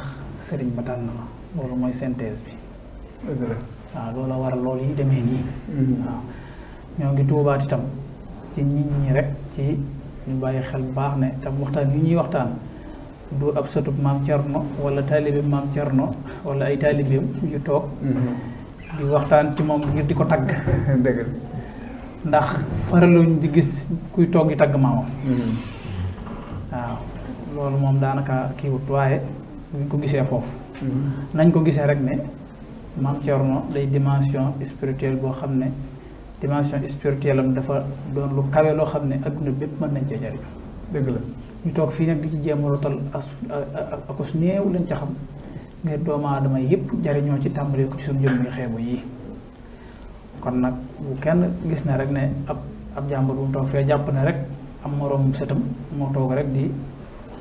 C: sëriñ ba tànn la loolu mooy synthèse bi waaw loolu la war a yi demee nii mm-hmm. waaw ñoo ngi tuubaat itam ci nit ñi rek ci ñu bàyyi xel baax ne tam waxtaan yi ñuy waxtaan du ab satub maam Cerno wala taalibeem maam Cerno wala ay taalibeem yu toog mhm. di waxtaan ci moom ngir di ko tagg dëgg ndax faraluñ di gis kuy toog di tagg maamam mhm. waaw loolu moom daanaka kii wut waaye buñ ko gisee foofu mhm. nañ ko gisee rek ne maam Cerno day dimension spirituelle boo xam ne dimension spirituelle am dafa doon lu kawe loo xam ne adduna bépp mën nañ cee jariñ dëgg la ñu toog fii nag di ci jéem a rotal ak akus néew lañ ca xam ngir doomu aadama yëpp jariñoo ci tàmbali ko ci suñu jëmm yu xeebu yi kon nag bu kenn gis na rek ne ab ab jàmbur bu mu toog fee jàpp ne rek am moroom setam moo toog rek di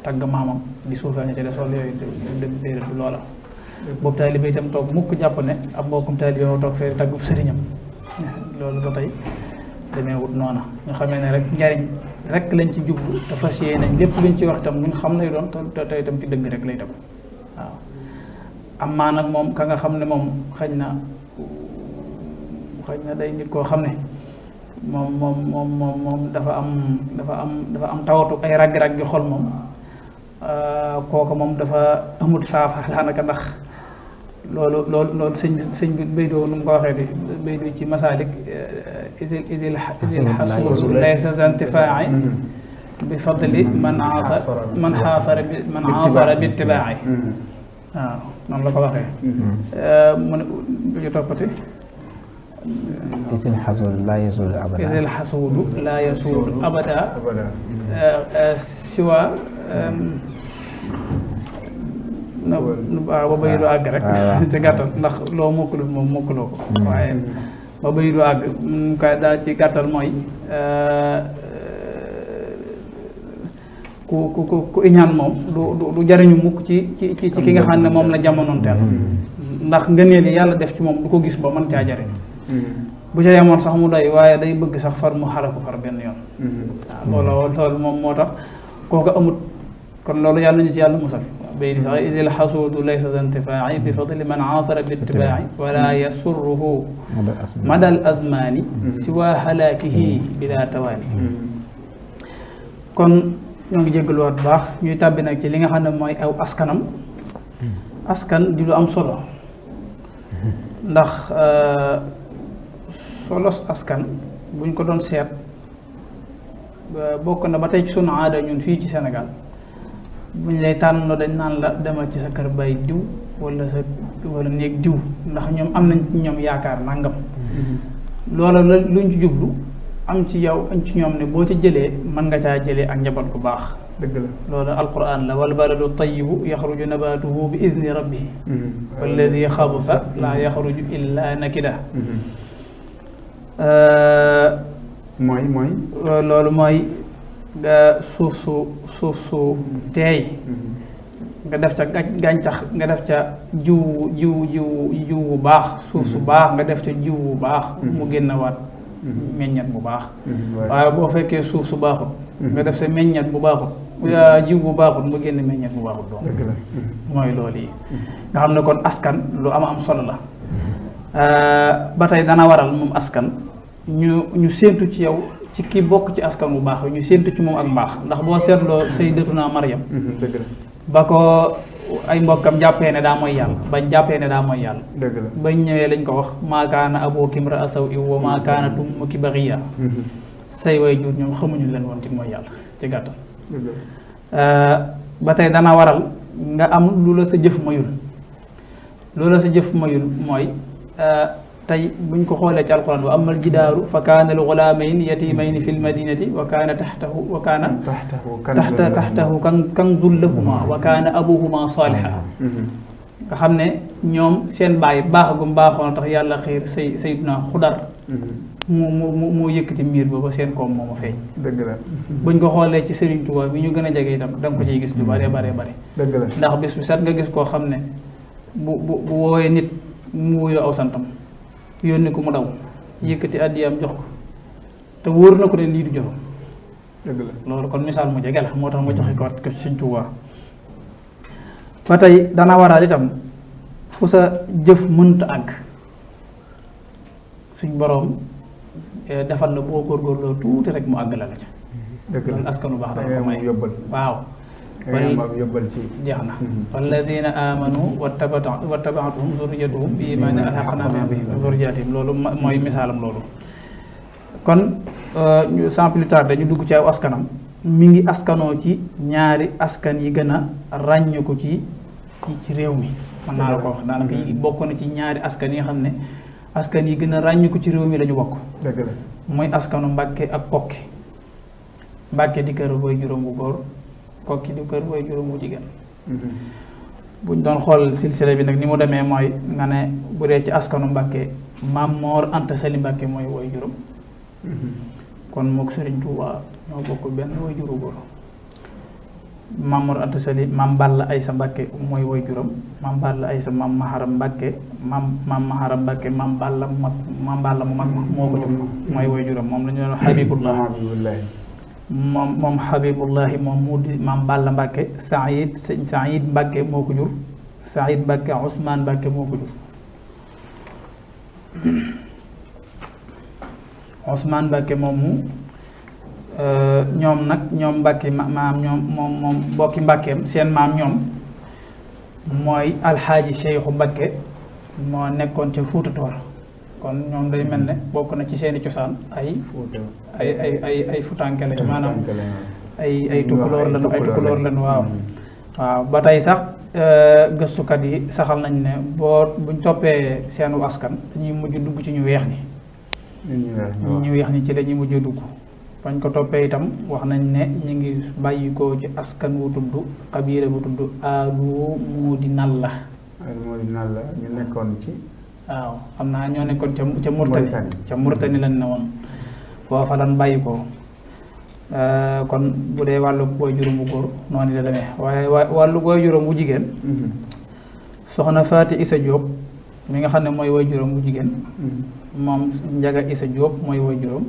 C: tagg maamam di suufee ña ca des yooyu déedéet du loola boobu taalibe itam jàpp ne ab mbokkum taalibe moo loolu ba tey demee wut noona ñu xamee ne rek njariñ rek lañ ci jublu te fas yéene lépp luñ ci wax itam ñun xam nañ doon te te itam ci dëgg rek lay dem waaw am maa nag moom ka nga xam ne moom xañ na xañ na day nit koo xam ne moom moom moom moom dafa am dafa am dafa am tawatu ay raggi-raggi xol moom ah, kooku moom dafa amut saafara daanaka ndax loolu loolu loolu sëñ bi sëñ bi nu mu ko waxee di béydoo ci masaalik eh, isil isil isil xasuur laysa zantifaa'i bi fadli man aasara mm-hmm. man xaasara bi man aasara bi itibaa'i mm-hmm. waaw noonu la ko waxee mm-hmm. eh, mu ne lu ñu toppati
D: isil xasuudu laa yasuudu abada isil
C: xasuudu laa yasuudu siwa na waaw ba bëy du àgg rek ci gàttal ndax loo mokkalul moom mokkaloo ko hmm. waaye ba bëy du àgg mu mm, koy daal ci gàttal mooy euh, ku ku ku iñaan moom du du jariñu mukk ci ci ci ki nga xam ne moom la jamonoon hmm. ndax nga ngëneel yi yàlla def ci moom du ko gis ba mën caa jariñ
E: hmm.
C: bu ca yemoon sax mu doy waaye day bëgg sax far mu xara ko far benn yoon waaw loolu moom moo tax kooku amut kon loolu yàlla ñu ci yàlla musal بالغيظ الحسود ليس ذا انتفاع بفضل من عاصر باتباع ولا يسره مدى الأزمان سوى هلاكه بلا توالي kon ñoo ngi jéggaluwaat bu baax ñuy tàbbi nag ci li nga xam ne mooy aw askanam
E: mm.
C: askan di lu am solo mm-hmm. ndax euh, solos askan buñ ko doon seet bokk na ba tey ci sunu aada ñun fii ci Sénégal bu ñu lay tànnloo dañ naan la demal ci sa kër bay diw wala sa wala néeg diw ndax ñoom am nañ ci ñoom yaakaar nangam.
E: Mm-hmm.
C: loola la luñ ci jublu am ci yow ci ñoom ne boo ci jëlee man nga caa jëlee ak njaboot bu baax. dëgg la loolu alquran la wal baladu tayyibu yaxruju nabatuhu bi idni rabbihi mm-hmm. walladi xabusa laa yaxruju illa nakida mm-hmm. euh, mooy mooy loolu mooy nga suuf su suuf su teey mm-hmm. nga def ca gàncax nga def ca jiw jiw jiw jiw bu baax suuf su mm-hmm. baax nga def ca jiw bu baax mm-hmm. mu génn waat meññat bu baax waaye boo fekkee suuf su baaxut nga def sa meññat bu baaxut jiw bu baaxut mu génn meññat bu baaxut doom mooy loolu yi nga xam ne kon askan lu am am solo la euh, ba tey dana waral moom askan ñu ñu séentu ci yow ci ki bokk ci askan bu baax ñu séentu ci moom ak mbaax ndax boo seetloo sayyidatuna Maryam mhm, ba ko ay mbokkam jàppee ne daa mooy yàlla bañ jàppee ne daa mooy yàlla bañ ñëwee lañ ko wax maa kaana abuki imra'a saw'in wa maa kaanat ummuki baghiyya mhm. say way jur ñoom xamuñu leen woon ci mooy yàlla ci euh, ba tey dana waral nga am lu la sa jëf mayul lu la sa jëf mayul mooy euh, tey buñ ko xoolee ci alquran wa amal jidaaru fa kaana al gulaamayni yatimayni fi lmadinati wa kaana taxtahu wa kaana taxta taxtahu kan kanzun lahuma wa kaana abuhuma saaliha mm-hmm. nga xam ne ñoom seen baay baax gum baaxoon tax yàlla xëy say sayduna xudar mm-hmm. mu mu moo yëkkati miir booba seen koom moom a feeñ dëgg la mm-hmm. buñ ko xoolee ci Sëriñ Tuubaa bi ñu gën a jege itam da nga ko ciy gis lu bare bare bare dëgg la ndax bis bu set nga gis koo xam ne bu woowee nit mu aw santam yónni ko mu daw yëkkati àddiyaam jox ko te wóor na ko ne lii du jox dëgg la loolu kon misaal mu jege la moo tax ma joxe ko wat ko Sëñ Tuubaa ba tey dana waral itam fu sa jëf mënta àgg suñ boroom eh, defal na boo góorgóorloo tuuti rek mu àgg la la ca dëgg la baax da ko eh, may yóbbal waaw jeex na walladina mm-hmm. amanu wattabaathum zurriyatuhum bi imaani alhaqna bihim zurriyatihim loolu mooy misaalam loolu kon euh, sans plus tarder dugg ci aw askanam mi ngi askanoo ci ñaari askan yi gën a ràññu ko ci ci réew mi mën naa la ko wax daanaka bokk na ci ñaari askan yi nga xam ne askan yi gën a ràññu ko ci réew mi lañu bokk mooy askanu mbàkke ak kokki mbàkke di kër booy juróom bu góor kokki di kër way juróom wu jigéen
E: mm-hmm. buñ doon
C: xool silsila bi nag ni mu demee mooy nga ne bu dee ci askanu mbàkke maam moor anta sali mbàkke mooy way juróom mm-hmm. kon mook sëriñ Tuuba ñoo bokk benn way maam moor anta sali maam Balla mooy way juróom maam Balla Aysa maam maharam mbàkke maam maam maharam mbàkke maam Balla mu mag maam Balla mu mag moo ko jox mm-hmm. mooy moom la ñu doon Habibullah moom moom Habibullahi moom mu di maam Balla Mbàkke Saïd sëñ Saïd Mbàkke moo ko jur Saïd Mbàkke Ousmane Mbàkke moo ko euh, ñoom nag ñoom Mbàkke maam ñoom moom moom bokki Mbàkkeem seen maam ñoom mooy alxaaji Cheikhu Mbàkke moo nekkoon ca Fuuta kon ñoom day mel ne bokk na ci seeni cosaan ay ay ay ay ay futanke lañ maanaam ay ay tukulóor hmm. waaw ba tey sax euh, gëstukat yi saxal nañ ne boo buñ toppee seenu askan dañuy mujj dugg ci ñu weex ni ñu weex ni ci la mujj dugg bañ ko toppee itam wax nañ ne ñu ngi bàyyikoo ci askan wu tudd xabiira bu tudd aadu moo di nal la moo di nal la ñu nekkoon ci waaw xam naa ñoo nekkoon ca ca Murtani ca Murtani lañ ne woon foofa lan bàyyi ko euh, kon bu dee wàllu booy juróom bu demee waaye wàllu booy juróom bu jigéen mm-hmm. soxna Faati Isa Jóob mi nga xam ne mooy woy juróom bu jigéen mm-hmm. moom Njaga Isa Jóob mooy woy juróom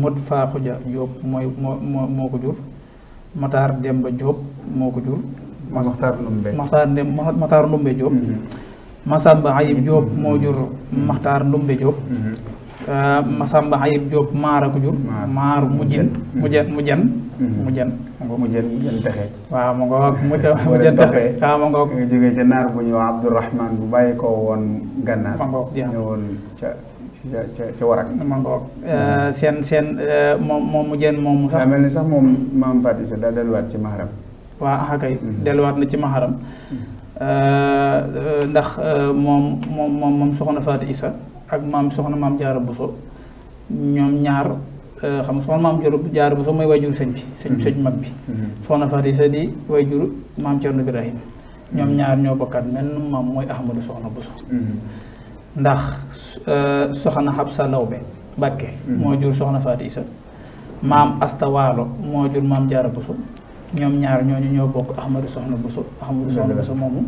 C: mot mm-hmm. faa xuja Jóob mooy moo moo moo ko jur Mataar Demba Jóob moo ko jur Maxtaar Ndumbe Maxtaar Ndumbe Jóob Masamba Ayib Diop moo jur Maxtaar Ndumbe Diop. Mhm. Euh, Masamba Ayib Diop maar ak jur. maar mhm. mhm. mu mujjan mujjan. mujjan mujjan mujjan mu ngoog mujjan texe waaw mu ngoog.
B: nga jógee naar bu ñuy wax Abdourahman bu bàyyi ko woon gànnaar. ma ngoog ñëwoon ca
C: ca ma ngoog euh, seen seen euh, moom moom mu moomu sax. daa mel ni
B: sax moom maam Fatou delluwaat ci maharam.
C: waaw ah delluwaat na ci maharam. Euh, ndax euh, moom moom moom moom soxna Fatou Issa ak maam soxna maam Jaara Buso ñoom ñaar euh, xam soxna maam Jaara Buso mooy wayjur sëñ bi sëñ sëñ mag bi mm-hmm. Mm-hmm. soxna Fatou Issa di wayjur ñoom mm-hmm. ñaar ñoo bokkaat mel nu maam mooy Ahmadu soxna ndax soxna Xabsa Lawbe Mbàkke moo jur soxna Fatou Issa moo jur maam Jaara Buso ñoom ñaar ñooñu ñoo bokk Ahmadou Soxna so Ahmadou Soxna Bousso moomu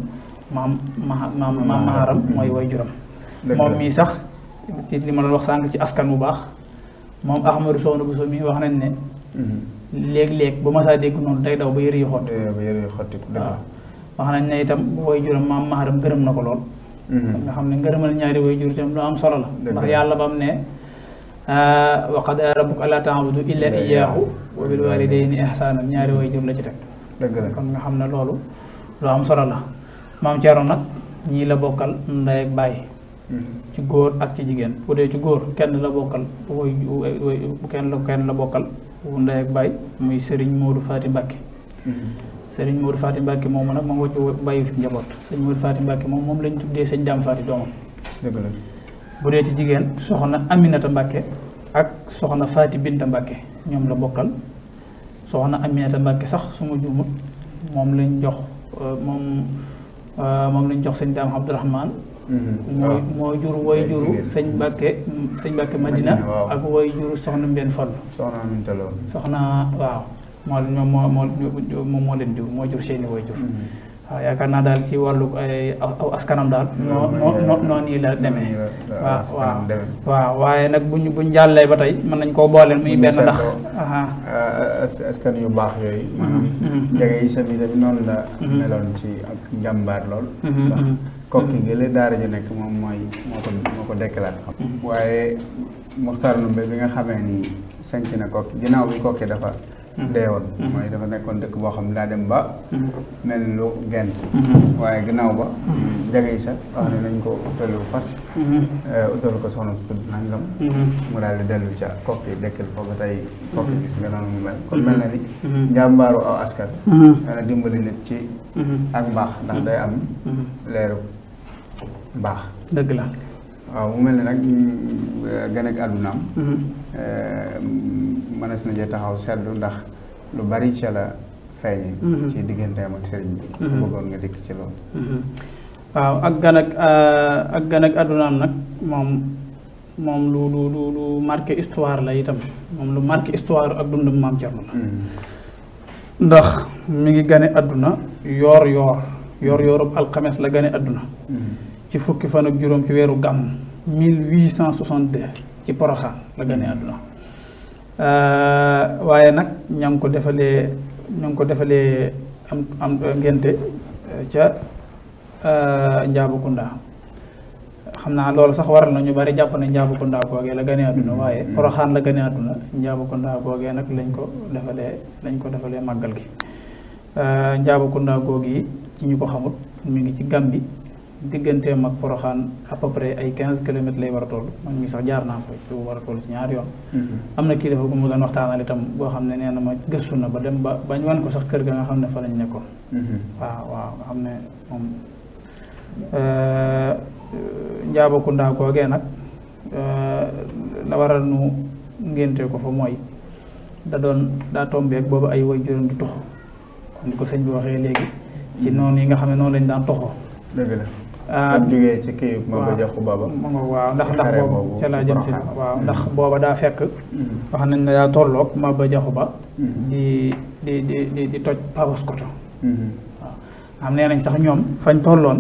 C: maam ma maam maaram mooy way juram moom mii sax ci li ma doon wax sànq ci askan bu baax moom Ahmadou Soxna Bousso mii wax nañ ne
E: mhm.
C: léeg-léeg bu ma saa dégg noonu day daw ba yëre yu xotti waaw wax nañ ne itam way juram maam maaram gërëm na ko lool mhm. nga xam ne ngërëmal ñaari way jur itam lu am solo la yàlla ba am ne wa qada rabbuka allaa ta'budu illa iyyaahu wa bil walidayni ihsaanan ñaari way jur la ci teg dëgg la kon nga xam ne loolu lu am solo la maam Ceerno nag ñii la bokkal ndey ak baay mm-hmm. ci góor ak ci jigéen bu dee ci góor kenn la bokkal way kenn la kenn la bokkal bu ndey ak baay muy Serigne Modou Faty Mbacké mm-hmm. Serigne Modou Faty Mbacké moom nag ma nga ci bàyyi fi njaboot Serigne Modou Faty Mbacké moom moom lañ tuddee sëñ Dame Faty doomam bu dee ci jigéen soxna Aminata Mbàkke ak soxna Faati Binta Mbàkke ñoom la bokkal soxna Aminata Mbàkke sax suma ma juumut moom lañ jox euh, moom euh, moom lañ jox sëñ Daam Abdourahman mm-hmm. mooy ah. mooy jur way juru sëñ Mbàkke sëñ Mbàkke Madina ak way juru soxna Mbeen Fall soxna waaw moo moo moo moom moo leen jur moo jur seeni way jur mm-hmm. waaw yaakaar naa daal ci wàllu aw askanam daal. Mm. noo noo mm. noonu la mm. demee. waaw waaw waaye nag bu buñ ba tey man nañ koo booleel muy benn ndax. Ah,
B: askan yu baax yooyu. Mm-hmm, mm-hmm. Mm-hmm. jege yi sami tamit noonu la. meloon ci ak njàmbaar lool. ndax kokki gële daara ji nekk moom mooy moo ko moo ko dekkalaat xam. waaye Mokhtar Ndoumbe bi nga xamee ni sanc na kokki ginnaaw bi kokki dafa. Mm-hmm. deewoon mm-hmm. mooy dafa nekkoon dëkk boo xam ne daa dem ba mm-hmm. mel ni lu gent waaye gannaaw ba jagey sa wax ne nañ ko utalu fas eh, utalu ko soxna su tudd nangam mu daal di dellu ca kokki dëkkal foofu tey kokki gis nga noonu mu mel kon mel na ni njàmbaaru aw askan dana dimbali nit ci ak mbaax ndax day am leeru mbaax dëgg la waaw mu mel ne nag euh, gën àddunaam mm-hmm. euh, mënees na jee taxaw sedd ndax lu bari ca la feeñe mm-hmm. ci digganteem ak sëriñ bi mm-hmm. bëggoon nga dikk ci loolu
C: waaw ak gan ak euh, nag moom moom lu lu lu lu histoire la itam moom lu marqué histoire ak dundam maam Cerno ndax mi ngi gane àdduna yoor yoor yoor yoorub alxames la gane àdduna ci fukki fan ak juróom ci weeru gàmm cent 1862 ci Poroxaan la gane hmm. àdduna euh, waaye nag ña ngi ko defalee ña ngi ko defalee am am ngénte euh, ca euh, Njaabukunda xam naa loolu sax waral na ñu bari jàpp na Njaabukunda googee la gane àdduna hmm. waaye Poroxaan la gane àdduna Njaabukunda googee nag lañ ko defalee lañ ko defalee màggal gi Njaabukunda googu yi ci ñu ko xamut mu ngi ci Gàmbi diggante ak Poroxaan à peu ay quinze kilomètres lay war a toll man mii sax jaar naa fa ci war a toll ci ñaari yoon. Mhm. am na kilifa gu mu doon waxtaanal itam boo xam ne nee na ma na ba dem ba bañ wan ko sax kër ga nga xam ne fa lañ mhm. waaw waaw nga xam ne moom euh, nag euh, la waral nu ngénte ko fa mooy da doon daa tombeek boobu ay way juróom di toxu kon ni ko sëñ boo waxee léegi. ci mhm. noonu yi nga xam ne noonu lañ daan toxoo. am ehm, jugee ci kii Maba waaw ndax ndax laa jëm si waaw ndax mm-hmm. booba daa fekk
E: mm-hmm.
C: wax nañ ne daa tolloog Maba Jaxu Ba mm-hmm. di di di di di toj Paoskoto waaw nee nañ sax ñoom fañ tolloon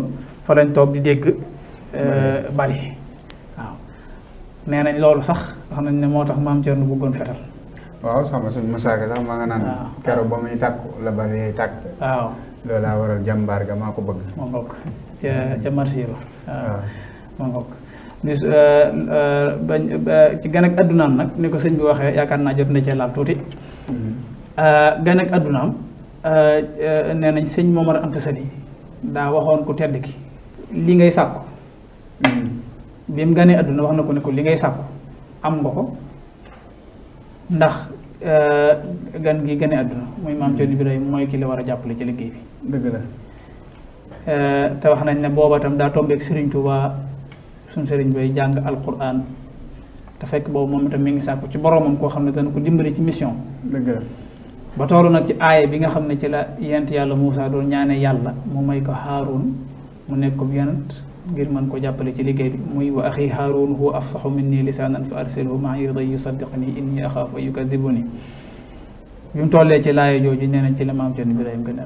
C: fa lañ toog di dégg bali eh, waaw nee nañ loolu sax wax nañ ne moo tax maam Thierno bëggoon fetal waaw sama si Musaaka sax maa nga naan
B: keroog ba muy tàkk la bari tàkk waaw loolu laa waral jàmbaar ga maa ko bëgg
C: ca hmm. ca marché ah. eh, eh, ci gan ak addunaam nag ni ko sëñ bi waxee yaakaar naa jot na cee laal tuuti hmm. eh, gan ak addunaam nee nañ sëñ Momar Anta Sali daa waxoon ku tedd ki li ngay sàkku hmm. bi mu ganee adduna wax na ko ne ko li ngay sàkku am nga ko ndax gan gi gane adduna muy maam Thierno Birahim mooy ki la war a jàppale ci liggéey bi Eh, te wax nañ ne booba tam daa tombeek sëriñ waa suñ sëriñ bay jàng alquran te fekk boobu moom itam mi ngi sàkku ci boroomam koo xam ne dana ko dimbali ci mission ba toolu nag ci aaya bi nga xam ne ci la yent yàlla musaa doon ñaane yàlla mu may ko Haarun mu nekk ko yonent ngir mën ko jàppale ci liggéey bi muy wa axi Haarun huwa afsahu minni lisaanan fa arsilhu ma'i ridan yusaddiqni inni axaafu an yukadibuni bi mu tollee ci laaya jooju nee na ci la maam Cerno Birahim gën a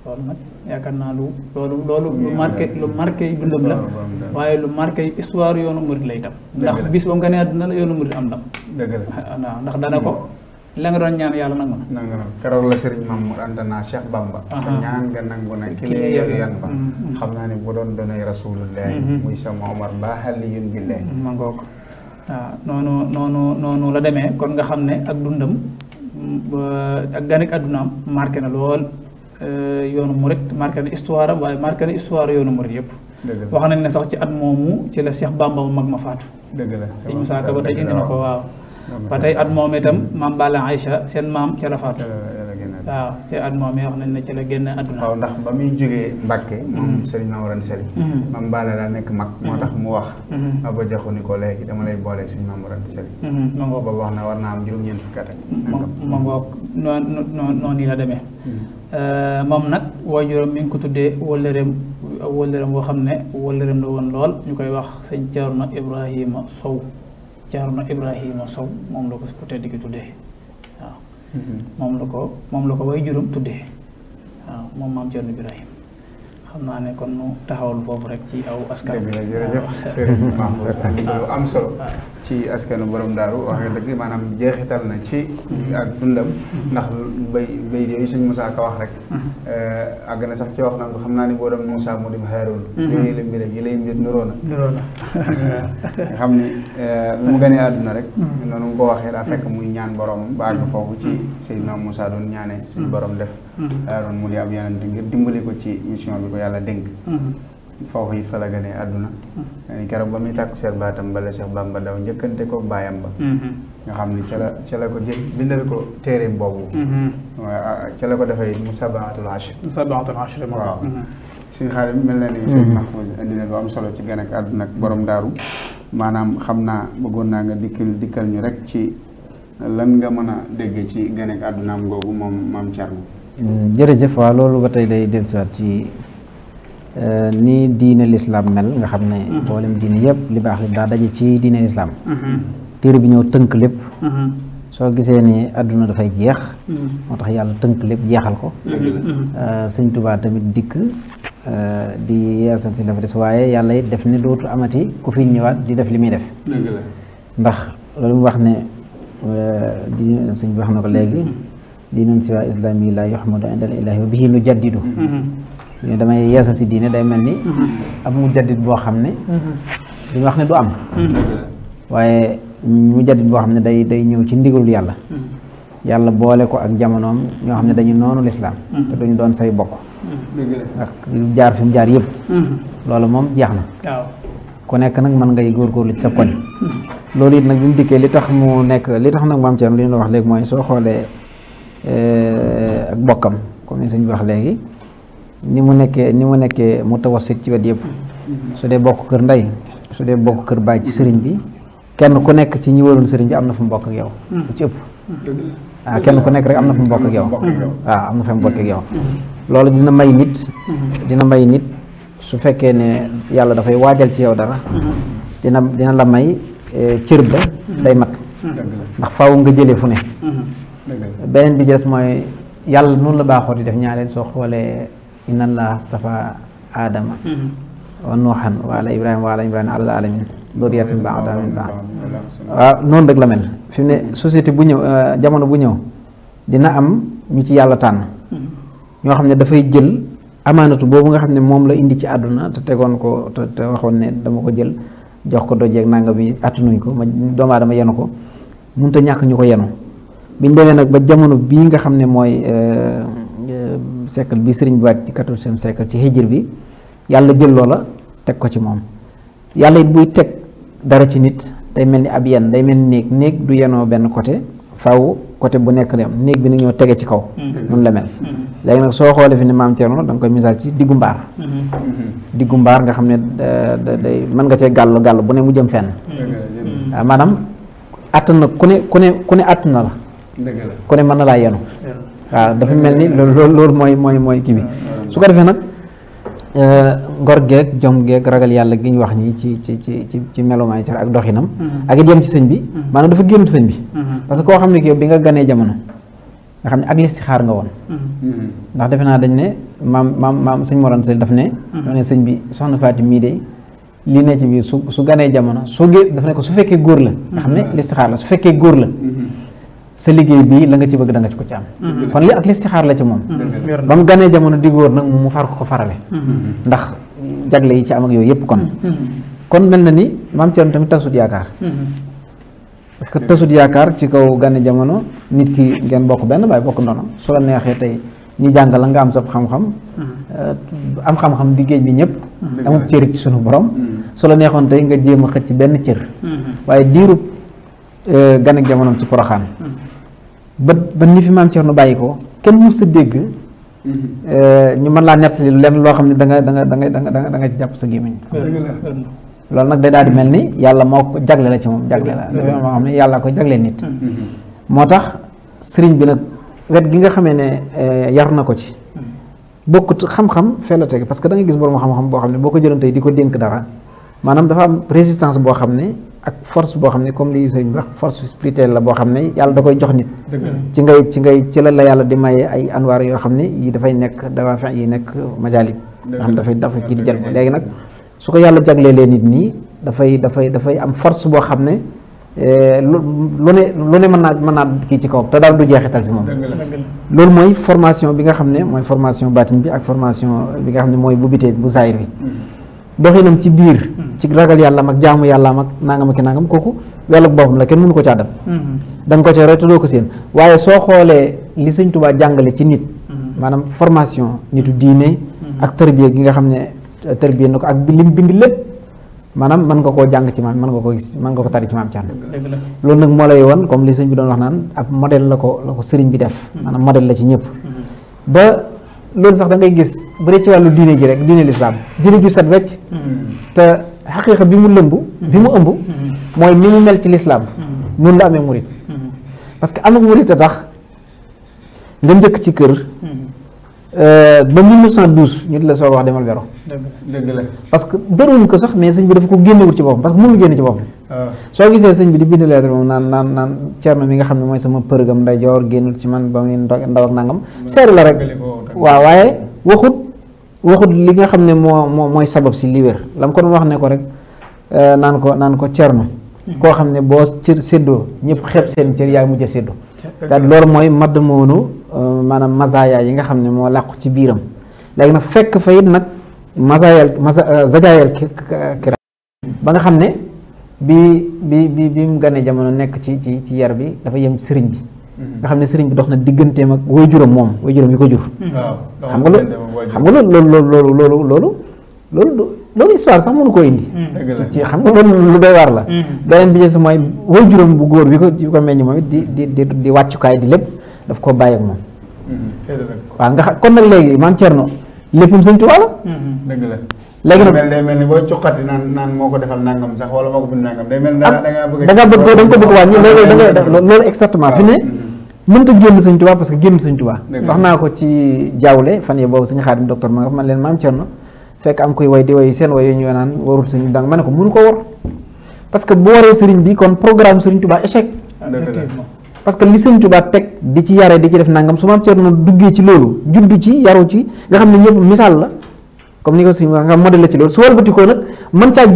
C: loolu nag yaakaar naa lu loolu loolu lu marqué lu marqué yi dundam la waaye lu marqué yi histoire yoonu murid lay tam ndax bis ba mu gënee àdduna la yoonu murid am na ah, ndax dana ko hmm. la nga doon ñaan yàlla na na keroog la sëriñ Mamour ànd naa Cheikh Bamba sa ñaan nga nangu na ki lay yor hmm, hmm. xam naa ne bu doon donay rasulullahi muy sa Omar ba xaliyun billahi ma ngoog waaw ah, noonu noonu noonu la demee kon nga xam ne ak dundam ak àdduna àddunaam marqué na lool Euh, yoonu murit marqué na histoire am waaye marqué na histoire yoonu murit yëpp. wax nañ ne sax ci at moomu ci la Cheikh Bamba mag ma faatu. dëgg la Cheikh ba tey indi na ko waaw. ba tey at moom itam maam Balla Aïcha seen maam ca la faatu. waaw ci at moom wax nañ ne ci la génn àdduna waaw ndax ba muy jógee Mbàkke mm-hmm.
B: moom sëriñ Mamoran Sali mm-hmm. mam baale daa nekk mag moo tax mu wax ma ba jaxu ni ko léegi dama lay
C: boolee sëriñ Mamoran Sali mm-hmm. ma ngoog boobu wax na war naa am juróom-ñeent fukki at ma ngoog noonu demee euh, moom nag waajuram mi ngi ko tuddee wëllëreem wëllëreem xam ne wëllëreem la woon lool ñu koy wax sëñ Thierno Ibrahima Sow Thierno Ibrahima Sow moom la ko ko tedd ki tuddee moom la ko moom la ko way juróom tuddee waaw moom maam Cerno Birahim xam naa ne kon nu taxawal foofu rek ci aw askan dëgg la jërëjëf Serigne Mahmoud am solo
B: ci askanu borom daaru wax nga dëgg maanaam jeexital na ci mm-hmm. ak dundam mm-hmm. ndax bay bay yooyu sëñ musaa Ka wax rek mm-hmm. eh, àgg na sax ci wax naan ko xam naa ni boo doon Moussa mu dem Haroun yooyu la mbir yi lay mbir nuroo na xam ni eh, mu gënee àdduna rek noonu nga ko waxee daa fekk muy ñaan boroom baa àgg foofu ci Seydina musaa doon ñaane suñu borom def Mm-hmm. Aaroon mu di ab yonent ngir dimbali ko ci mission bi ko yàlla dénk mm-hmm. foofu it fa la gane àdduna mm-hmm. keroog ba muy tàkku Cheikh Baatam bala la Bamba daw njëkkante ko baayam ba nga xam ne ca la ca la ko jël bindal ko téere boobu ca la ko dafay mu sabaatul ashri sabaatul ashri waaw suñ xaalis mel na ni sëñ Mahfouz indi na lu am solo ci gane ak àdduna ak borom daaru maanaam xam naa bëggoon naa nga dikkal dikkal ñu rek ci lan nga mën a dégg ci gane ak googu moom maam Thierno
D: Euh, jërëjëf waa loolu ba tey day dellusiwaat ci euh, ni diine lislaam mel nga xam ne mhm. mboolem diine yëpp li baax li daa daje ci diine lislaam mhm. téere bi ñëw tënk lépp mhm. soo gisee ni àdduna dafay jeex moo tax yàlla tënk lépp jeexal ko euh, sëñ Tuubaa tamit dikk di yeesal si dafa des waaye yàlla it def ne dootu amati ku fi ñëwaat di def li muy def ndax loolu mu wax ne di wax na ko léegi diinan siwa islami la yuhmadu indal ilahi wa bihi nu jaddidu ñu mm-hmm. damay yeesa si diine day mel ni mm-hmm. ab mu jaddid boo xam ne mm-hmm. duñu wax ne du am waaye mu jaddid boo xam ne day day ñëw ci ndigalul yàlla yàlla boole ko ak jamonoom ñoo xam ne dañu noonu lislaam te duñu doon say bokk ndax jaar fi mu jaar yëpp loolu moom jeex na ku nekk nag mën ngay góorgóorlu ci sa koñ loolu it nag bi dikkee li tax mu nekk li tax nag maam Thierno li ñu la Euh, ak bokkam comme ni bi wax léegi ni mu nekkee ni mu nekkee mutawassit ci wet yëpp su dee bokk kër ndey su dee bokk kër baay ci sëriñ bi kenn ku nekk ci ñi waroon sëriñ bi am na fu mu bokk ak yow
E: lu ah, kenn ku nekk rek am na fu mu bokk yow waaw
D: ah, am na loolu dina may nit dina may nit su fekkee ne yàlla dafay waajal ci yow dara dina dina la may eh, cër ba day mat ndax faaw nga jële fu ne beneen bi jës mooy yàlla noonu la baaxoo di def ñaareel soo xoolee inna allaha astafa aadama wa nuuxan wa ala ibrahima wa ala ibrahima alal alamin duriyatan ba'da min
E: ba'd
D: noonu rek ne société bu ñëw euh, jamono bu ñëw dina am ñu ci yàlla tànn ñoo xam ne dafay jël amaanatu boobu nga xam ne moom la indi ci àdduna te tegoon ko te te waxoon ne dama ko jël jox ko dojeeg nanga bi attanuñ ko ma doomu aadama yenu ko mënut a ñàkk ñu ko yenu biñ demee nag ba jamono bii nga xam ne mooy euh, euh, siècle bi sëriñ bi wàcc ci quatorzième siècle ci hijir bi yàlla jël loola teg ko ci moom yàlla it buy teg dara ci nit day mel ni ab yenn day mel ni néeg néeg du yenoo benn côté faw côté bu nekk dem néeg bi nag ñoo tege ci kaw mm-hmm. noonu la mel mm-hmm. léegi nag soo xoolee fi ne maam Thierno da koy misaal ci diggu mbaar mm-hmm. diggu mbaar nga xam ne day mën nga cee gàll gàll bu ne mu jëm fenn ah, maanaam àtt na ku ne ku ne àtt na ku ne mën na laa yenu waaw dafa mel ni loolu loolu mooy mooy mooy kii bi su ko defee nag euh, ngor geeg jom geeg ragal yàlla gi ñu wax nii ci ci ci ci ci melomaay ci ak doxinam mm-hmm. ak it yem ci sëñ bi mm-hmm. maanaam dafa génn sëñ bi mm-hmm. parce que koo xam ne kii bi nga ganee jamono xam ne ak listixaar nga woon ndax naa dañ ne maam maam maam sëñ Mor Anta Sali ne daf ne sëñ bi soxna Faati mii de li ne ci biir su su ganee jamono su gé daf ne ko su fekkee góor la nga xam ne listixaar la su fekkee góor la sa liggéey bii la nga ci bëgg danga ci ko ci am mhm. kon li ak listixaar la ci moom
E: mhm. ba mu
D: ganee jamono di góor nag mu far ko ko farale mhm. ndax jagle yi ci am ak yooyu yëpp kon kon mel na ni maam Thierno tamit tasut yaakaar que tasut yaakaar ci kaw gane jamono nit ki ngeen bokk benn baay bokk ndono su la neexee tey ñu jàng la nga am sab xam-xam euh, am xam-xam di géej bi ñëpp amub cër ci sunu borom su la neexoon tey nga jéem a xëcc benn cër waaye diirub euh, gane jamonoom ci poroxaan ba ba ni fi maam Thierno bàyyi ko kenn mu sa dégg mm-hmm. euh, ñu mën laa nettali lenn loo xam ne da nga da nga da nga da nga ci jàpp sa gémmiñ loolu nag day daal di mel ni yàlla moo ko jagle la ci moom jagle la dafa moo xam ne yàlla ko jagleel nit mm-hmm. moo tax sëriñ bi nag wet gi nga xamee ne euh, yar na ko ci mm-hmm. bokkut xam-xam fee la teg parce que da nga gis borom xam-xam boo xam ne boo ko jëloon tey di ko dénk dara maanaam dafa am résistance boo xam ne ak force boo xam ne comme li sëñ wax force spirituelle la boo xam ne yàlla da koy jox nit ci ngay ci ngay ci la la yàlla di maye ay anwaar yoo xam ne yi dafay nekk dawaa fex yi nekk majalib dafay dafa ci di jël léegi nag su ko yàlla jagleelee nit nii dafay dafay dafay am force boo xam ne eh, lu lu mën naa mën naa kii ci kaw te daal du jeexital si moom loolu mooy formation bi nga xam ne mooy formation baatin bi ak formation bi nga xam ne mooy bu bitee bu saayir bi mm-hmm. doxinam ci biir hmm. ci ragal yàlla mag jaamu yàlla mag nangam ak nangam kooku wàllug boppam la kenn mënu ko caa hmm. dab ko ca roy te doo ko seen waaye soo xoolee li sëñ Tuubaa jàngale ci nit hmm. maanaam formation nitu diine ak tërbiye gi nga xam ne tërbiye na ko ak li mu bind lépp maanaam mën nga koo jàng ci maam mën nga koo gis mën nga ko tari ci maam Thierno loolu nag bi doon wax naan ab modèle la ko la ko sëriñ bi def maanaam modèle la ci ñëpp ba loolu sax da gis bu dee ci wàllu diine ji rek diine lislaam diine ju set wecc hmm. te xaqiiqa bi mu lëmb bi mu ëmb hmm. mooy ni mu mel ci lislaam mun hmm. la amee murit parce que amag murit a tax nga njëkk ci kër euh, ba 1912 ñu di la soo wax demal bero dëgg la parce que beruñ ko sax mais sëñ bi dafa ko génnewut ci boppam parce que génn ci boppam ah. soo gisee sëñ bi di bind lettre moom naan naan naan Cerno mi nga xam ne mooy sama përgam ndeyjoor génnul ci man ba muy ndaw nangam seeru la waxut li nga xam ne moo moo mooy sabab si li wér la mu ko doon wax ne ko rek euh, naan ko naan ko cerno hmm. koo xam ne boo cër séddoo ñëpp xeeb seen cër yaay mujj a séddoo loolu mooy madd moonu euh, maanaam mazaaya yi nga xam ne moo làqu ci biiram léegi nag fekk fa it nag mazaayal maza euh, zajaayal kira ba nga xam ne bi bi bi bi mu ganee jamono nekk ci ci ci yar bi dafa yem sëriñ bi nga xam ne sëriñ bi dox na digganteem ak way juróom moom way juróom yi ko jur
B: hmm. xam nga loolu
D: xam nga loolu loolu loolu loolu loolu loolu histoire sax mënu koo indi
B: hmm. ci
D: xam nga loolu lu la hmm. beneen bi ci mooy way juróom bu góor bi ko bi ko meññ moom it di di di di wàccukaay di lépp daf koo bàyyi ak moom waaw nga xam kon nag léegi maam Thierno la dëgg
B: la léegi nag day mel ni boo cuqati naan da ah, nga bëgg da nga bëgg da nga ko
D: bëgg wàññi loolu loolu exactement fi ne mënta génn sëñ Tuubaa parce que génn sëñ Tuubaa wax naa ko ci jaawle fan ye boobu sëñ Xaadim docteur ma nga man leen maam Cerno fekk am koy way di way seen way yu naan warul sëñ dang ma ko mënu ko war parce que bu waree sëriñ bi kon programme sëriñ Tuubaa échec parce que li sëñ Tuubaa teg di ci yare di ci def nangam su maam Cerno duggee ci loolu juddu ci yaru ci nga xam ne ñëpp misaal la comme ni ko sëñ nga la ci loolu su war bëtikoo nag mën caa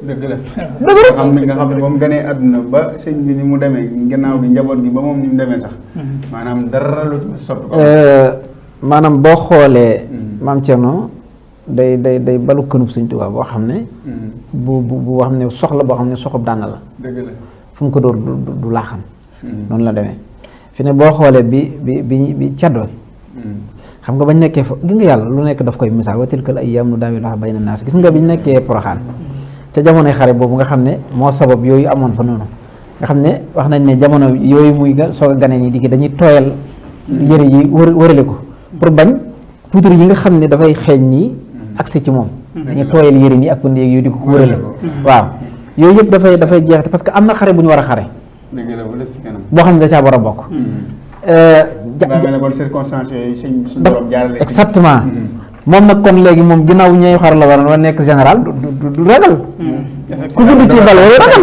D: dëgg la dëgg la xam ne nga
B: xam ne ba mu àdduna ba sëñ bi ni mu demee gannaaw gi njaboot gi ba moom ni mu demee sax.
D: Mm-hmm.
B: maanaam dara lu ci sotti ko.
D: Euh, maanaam boo xoolee. Mm-hmm. maam Thierno day day day balu kënub sëñ Tuubaa boo xam ne. Mm-hmm. bu bu bu wax ne soxla boo xam ne soxob daan na la. dëgg la fu mu ko dóor du du laa xam. noonu la demee fi ne boo xoolee bi bi bi bi caddooy. xam nga bañ nekkee fa gi lu nekk daf koy misaal wa tilkal ayyaam nu daawiluhaa bayna naas gis nga biñ nekkee poroxaan. ca jamonoy xare boobu nga xam ne moo sabab yooyu amoon fa noonu nga xam ne wax nañ ne jamono yooyu muy nga soog ganee nii dikki dañuy tooyal yëre yi wër wërale ko pour bañ poudre yi nga xam ne dafay xeeñ nii accès ci moom dañuy tooyal yëre nii ak pëndéeg yooyu di ko wërale waaw yooyu yëpp dafay dafay jeex parce que am na xare bu ñu war a xare boo xam ne da caa war a bokk hmm. euh, exactement hmm. moom nag kon léegi moom ginnaaw ñooy xar la war a nekk général du du ragal. ku bind ci bal war a ragal.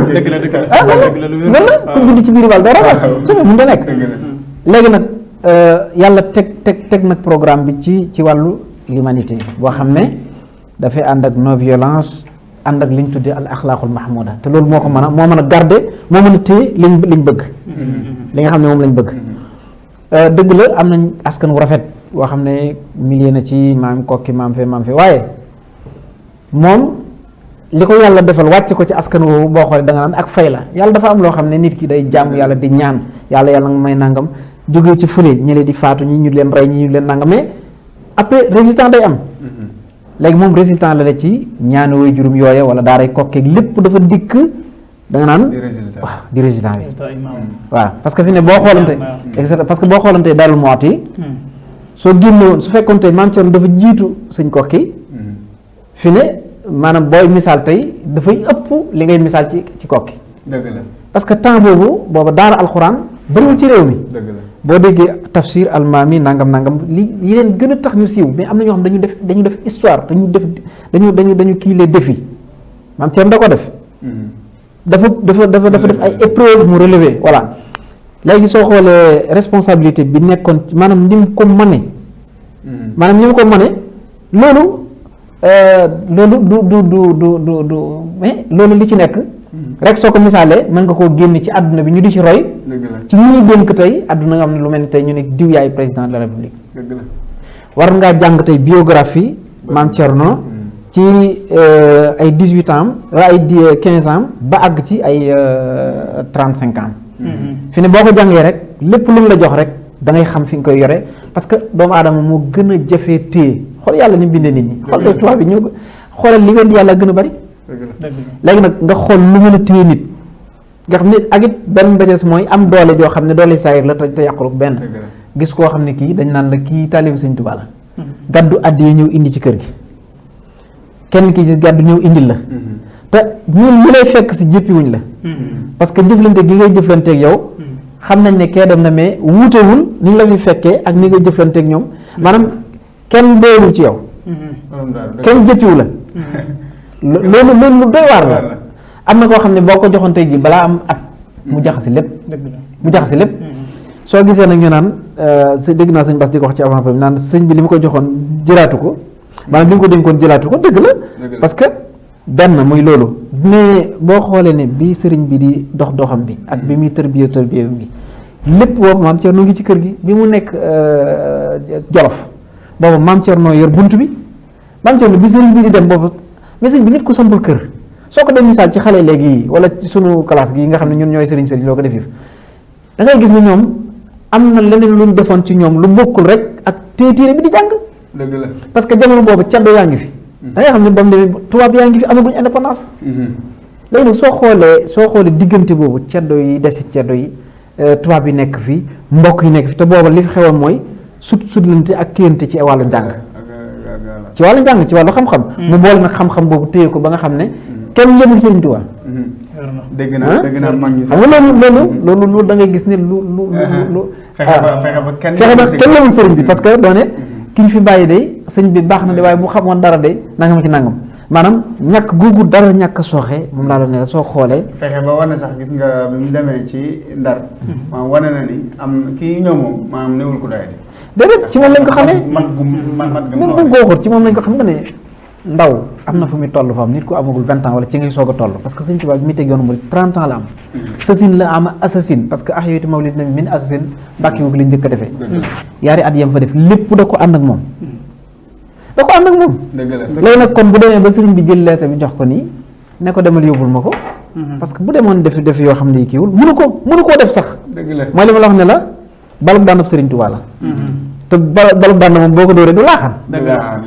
C: loolu ah, ah. ku bind
D: ci biir bal doo ragal. su ma mënta nekk. léegi nag euh, yàlla teg teg teg nag programme bi ci ci wàllu l'humanité boo xam ne dafay ànd ak non violence ànd ak li ñu tuddee al axlaaqul mahmuda te loolu moo ko mën a moo mën a garder moo mën a téye liñ liñ bëgg.
E: Mm-hmm.
D: li nga xam ne moom lañ bëgg. Mm-hmm. Euh, dëgg la am nañ askan wu rafet. boo xam ne milier na ci maam kokki maam fe maam fe waaye moom li ko yàlla defal wàcce ko ci askan woowu boo xoolee da nga naan ak fay la yàlla dafa am loo xam ne nit ki day jàmm yàlla di ñaan yàlla yàlla nga may nangam jóge ci fure ñi leen di faatu ñi ñu leen rey ñi ñu leen nangam mais après résultat day am mm-hmm. léegi moom résultant la la ci ñaani way juróom yooya wala daaray kokkeeg lépp dafa dikk da naan
E: waaw di résultat bi
D: waaw parce fi ne
E: boo
D: xoolante soo génne woon su fekkoon tey maam Thierno dafa jiitu sëñ Kokki mm-hmm. fi ne maanaam booy misaal tey dafay ëpp li ngay misaal ci ci Kokki parce que temps boobu booba daara alxuraan bëriwul ci réew mi dëgg la boo déggee tafsir almaami nangam nangam li yi leen gën a tax ñu siiw mais am na ñoo xam dañu def dañu def histoire dañu def dañu dañu dañu kii les défis maam Thierno da ko def mm-hmm. dafa dafa dafa def ay épreuve mu relevé voilà léegi soo xoolee responsabilité bi nekkoon maanaam ni mu ko mëne
E: hmm.
D: maanaam ni mu ko mëne loolu euh, loolu du du du du du du loolu li ci nekk hmm. rek soo ko misaalee mën nga koo génn ci àdduna bi ñu di ci roy ci ñu dénk tey àdduna nga xam ne lu mel ni tey ñu ne diw yaay président de la république war ngaa jàng tey biographie hmm. maam Thierno ci euh, ay dix huit ans ay euh, quinze ans ba àgg ci ay trente cinq ans Mm-hmm. fi ne boo ko jàngee rek lépp lu mu la jox rek da ngay xam fi nga koy yore parce que doomu aadama moo gën a jafee téye xool yàlla ni bindee nit ñi xool tey tubaab bi ñoo xoolal li leen di yàlla gën a bari léegi nag nga xool lu mën a téye nit nga xam ne ak it benn bëccëg mooy am doole joo xam ne doole saayir la te te yàquluk benn gis koo xam ne kii dañ naan la kii taalibu sëñ Tuubaa la mm-hmm. gaddu àddi yi ñëw indi ci kër gi kenn kii ci gàddu ñëw indil la mm-hmm. te mu ñu lay fekk si jëppiwuñ la. Mm-hmm. parce que jëflante gi ngay jëflanteeg yow. Mm-hmm. xam nañ ne kee dem na mais wuutewul ni la fi fekkee ak ni ngay jëflanteeg ñoom mm-hmm. maanaam kenn doyul ci yow. kenn jëppiwu la. loolu loolu lu doy na koo xam ne boo ko joxoon tey jii balaa am ak mu jaxasi lépp. mu jaxasi lépp. soo gisee nag ñu naan euh, sa dégg naa sañ Bass di ko wax ci avant bi naan sëñ bi li mu ko joxoon jëlaatu ko maanaam li mu ko dénkoon jëlaatu ko dégg la benn muy loolu mais boo xoolee ne bi sëriñ bi di dox doxam bi ak bi muy tërbiya tërbiya bi lépp boobu maam Thierno ngi ci kër gi bi mu nekk euh, Jolof boobu maam Thierno yor bunt bi maam Thierno bi sëriñ bi di dem boobu mais bi nit ku sampul kër soo ko def misaal ci xale léegi wala ci sunu classe gi nga xam ne ñun ñooy sëriñ sëriñ loo ko def yëf da ngay gis ne ñoom am na leneen lu mu defoon ci ñoom lu bokkul rek ak téye téere bi di jàng. dëgg la parce que jamono boobu caddo yaa ngi fi. Mhm. da nga xam ne ba mu demee tubaab yaa ngi fi amaguñ indépendance. Mhm. léegi nag soo xoolee soo xoolee diggante boobu ceddo yi desi ceddo yi euh, tubaab yi nekk fi mbokk yi nekk fi te booba li fi xewoon mooy sut sutlante ak kéyante ci wàllu njàng. ci wàllu njàng ci wàllu xam-xam. Mhm. mu boole nag xam-xam boobu téye ko ba nga xam ne. kenn yemul Serigne Touba.
B: dégg naa dégg naa mag ñi sax loolu
D: loolu loolu loolu da ngay gis ne lu lu lu. fexe ba ah.
B: fexe ba kenn bi
D: parce que doo ne ki ñu fi bàyyi day sëñ bi baax na de waaye bu xamoon dara de nangam ci nangam maanaam ñàkk googu dara ñàkk sooxe moom laa doon ne soo xoolee.
B: fexe ba wane sax gis nga bi mu demee ci ndar. maanaam wane na ni am kii ñëw moom maanaam néewul ku doy.
D: déedéet ci moom lañ ko ci moom lañ ko xam ne ndaw am na fu muy toll fa am nit ku amagul vingt ans wala ci ngay soog toll parce que sëñ tubaab bi muy teg yoonu mu trente ans la am mm-hmm. sasin la am assasine parce que ah yooyu mawlid nabi min assasine mbàkki wu lañ njëkk mm-hmm. fa def lépp da ko ànd ak moom mm-hmm. da ko ànd ak moom.
B: dëgg la léegi nag
D: kon bu demee ba sëriñ bi jël lettre bi jox ko nii ne ko demal yóbbul ma ko. parce que bu demoon def def yoo xam ne kiiwul munu ko mënu koo def sax. dëgg la mooy li ma la ne la balub daanub sëriñ Tuubaa la. te balub daan moom boo ko dóoree du laaxan.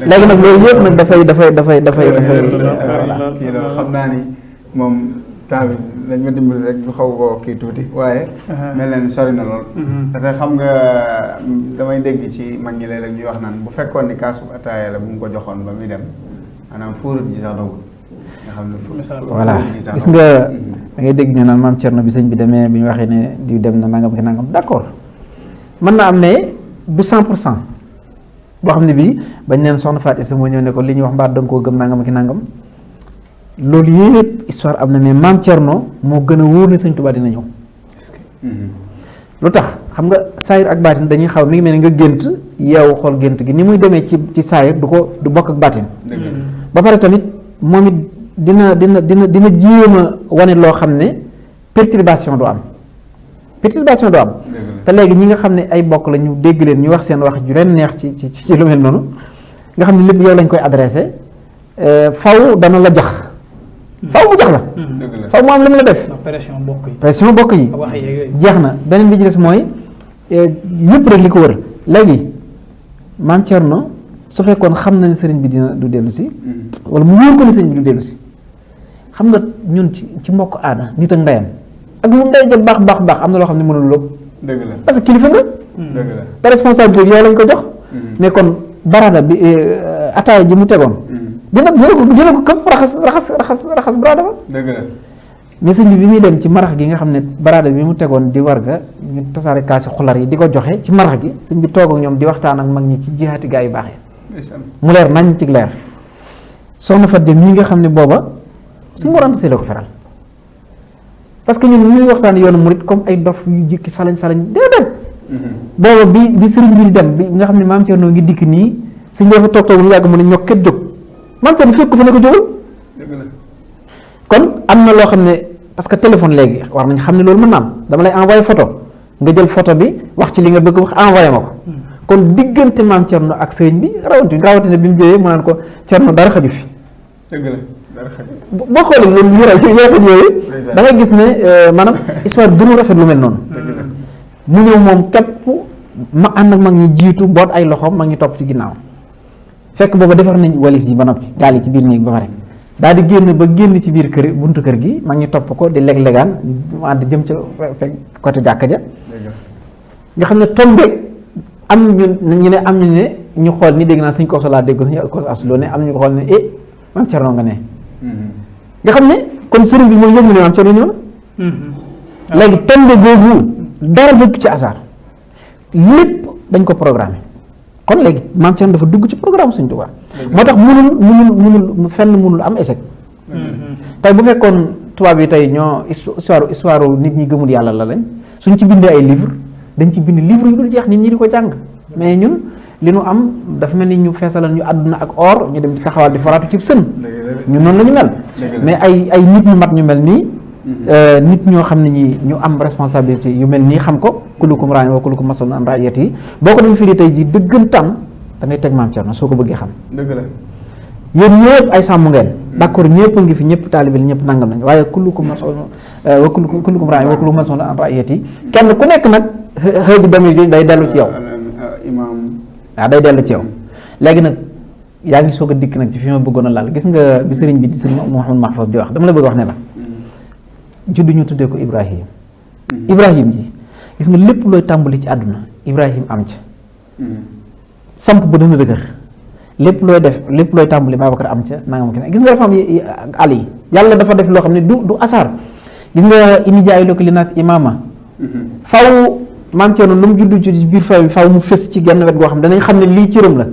D: léegi nag loolu yëpp nag dafay dafay dafay dafay dafay. voilà
B: kii la xam naa ni moom temps bi dañ ma dimbali rek ñu xaw koo kii tuuti waaye. mel na sori na lool. Mhm. te xam nga mm, damay dégg ci mag ñi léeg-léeg ñuy wax naan bu fekkoon ni kaasu ataaya la bu mu ko joxoon ba muy dem maanaam fuurut ji sax dogul nga xam ne. voilà gis nga da
D: mhm. ngay dégg ñu naan maam Thierno bi sëñ bi demee bi ñu waxee ne di dem na nangam ki nangam d' accord mën na am ne du 100 pour cent boo xam ne bii bañ neen soxna Fatou Issa moo ñëw ne ko li ñu wax mbaat da koo gëm nangam ki nangam. loolu yëpp histoire am na mais maam Thierno moo gën a wóor ne sëñ Tuubaa dina ñëw. lu tax xam nga saayir ak baatin dañuy xaw mi ngi mel ni nga gént yeewu xool gént gi ni muy demee ci ci saayir du ko du bokk ak baatin. ba pare tamit moom it dina dina dina dina jéem a wane loo xam ne perturbation du am perturbation du am. te léegi ñi nga xam ne ay bokk lañu dégg leen ñu wax seen wax ju leen neex ci ci ci lu mel noonu nga xam ne lépp yow lañ koy adressé euh, fa dana la jax. faw mu jox la. faw mu am lu mu la def.
C: pression bokk yi pression jeex na
D: beneen bi ci des mooy ñëpp eh, rek li ko wër léegi maam Thierno su fekkoon xam na ne sëriñ bi dina du dellu si. Mm. wala mu wóor ko ne dellu si xam nga ñun ci ci mbokk aada nit ak ndeyam ak lu ndey jël baax baax baax am na loo xam ne mënul lópp. dëgg la parce que kilifa nga. Mm. dëgg la te responsabilité bi yow lañ ko jox. Mm. ne kon barada bi eh, ataaya ji mu tegoon. dina dina ko këpp raxas raxas raxas raxas baraada ba. dëgg la sëñ bi bi muy dem ci marax gi nga xam ne baraada bi mu tegoon di war ga ñu tasaare kaasi xular yi di ko joxe ci marax gi sëñ bi toog ak ñoom di waxtaan ak mag ñi ci jihaati yu baax yi. mu leer nañ ci leer. soxna Fatou mii nga xam ne booba suñu war a ko feral que ñun ñuy waxtaan yoonu murit comme ay dof yu jikki salañ salañ déedéet. Mm-hmm. booba bi bi sëriñ dem bi nga xam ne maam Thierno ngi dikk nii suñ bi dafa toog toog lu yàgg mu ne ñokket jóg maam Cerno fekk ko fa ne ko jógal kon am na loo xam ne parce que téléphone léegi war nañ xam ne loolu man na am dama lay envoyé photo nga jël photo bi wax ci li nga bëgg wax envoyé ma ko hmm. kon diggante maam Cerno ak sëriñ bi rawante rawatina bi mu jógee mu naan ko Cerno dara xaju fi boo xoolee loolu ñu rafet yooyu da gis ne euh, maanaam histoire gënu rafet lu mel noonu mu ñëw moom képp ma ànd ak mag ñi jiitu boot ay loxoom mag ñi topp ci ginnaaw fekk booba defar nañ walis yi ba noppi daal yi ci biir néeg ba pare daal di génn ba génn ci biir kër buntu kër gi mag ñi topp ko di leg-legaan mu ànd jëm ca fekk ja nga xam ne tombe am ñu ñu ne am ñu ñu xool ni dégg naa suñ ko solaa dégg suñu ko asuloo ne am ñu xool ne eh maam Cerno nga ne mm-hmm. nga xam ne kon sëriñ bi mooy yëg na ne maam Cerno ñëw mm-hmm. léegi tombe googu dara bëgg ci asaar lépp dañ ko programmé kon léegi maam Cerno dafa dugg ci programme Sëñ Tuubaa moo tax munul munul munul fenn munul am échec
E: mm-hmm.
D: tey bu fekkoon tubaab yi tey ñoo histoire histoire nit ñi gëmul yàlla la lañ suñ ci bindee ay livre dañ ci bind livre yu dul jeex nit ñi di ko jàng mais ñun li nu am dafa mel ni ñu feesalal ñu àdduna ak or ñu dem di taxawal di faratu ci sën
E: ñun noonu la mel mais ay
D: ay nit ñu mat ñu mel nii Euh, mm-hmm. nit ñoo xam ne ñi ñu am responsabilité yu mel nii xam ko kulukum raañ wa kulukum masoon an raayat yi boo ko doon firi tey jii dëggantaan da ngay teg maam Cerno soo ko bëggee xam dëgg la yéen ñëpp ay sàmm ngeen mm-hmm. ñëpp ngi fi ñëpp taalibil ñëpp nangam nañ waaye kulukum masoon euh, wa kulukum raañ wa kulukum masoon an raayat yi kenn ku nekk nag xëy ji damir ji dellu ci yow
B: euh,
D: ah, day dellu ci yow léegi nag yaa ngi soog dikk nag ci fi laal gis nga bi bi di sëriñ Mouhamed Mahfouz wax dama la bëgg wax ne la juddu ñu tuddee ko Ibrahim Ibrahim ji gis nga lépp looy tàmbali ci àdduna Ibrahim am ca samp ba dana dëgër lépp looy def lépp looy tàmbali Babacar am ca nangam ki gis nga dafa am àll yi yàlla dafa def loo xam ne du du asaar gis nga ini jaay lokki li naas imaama faw maam Thierno lu mu juddu ci biir faw faw mu fës ci genn wet goo xam danañ xam ne lii cëram la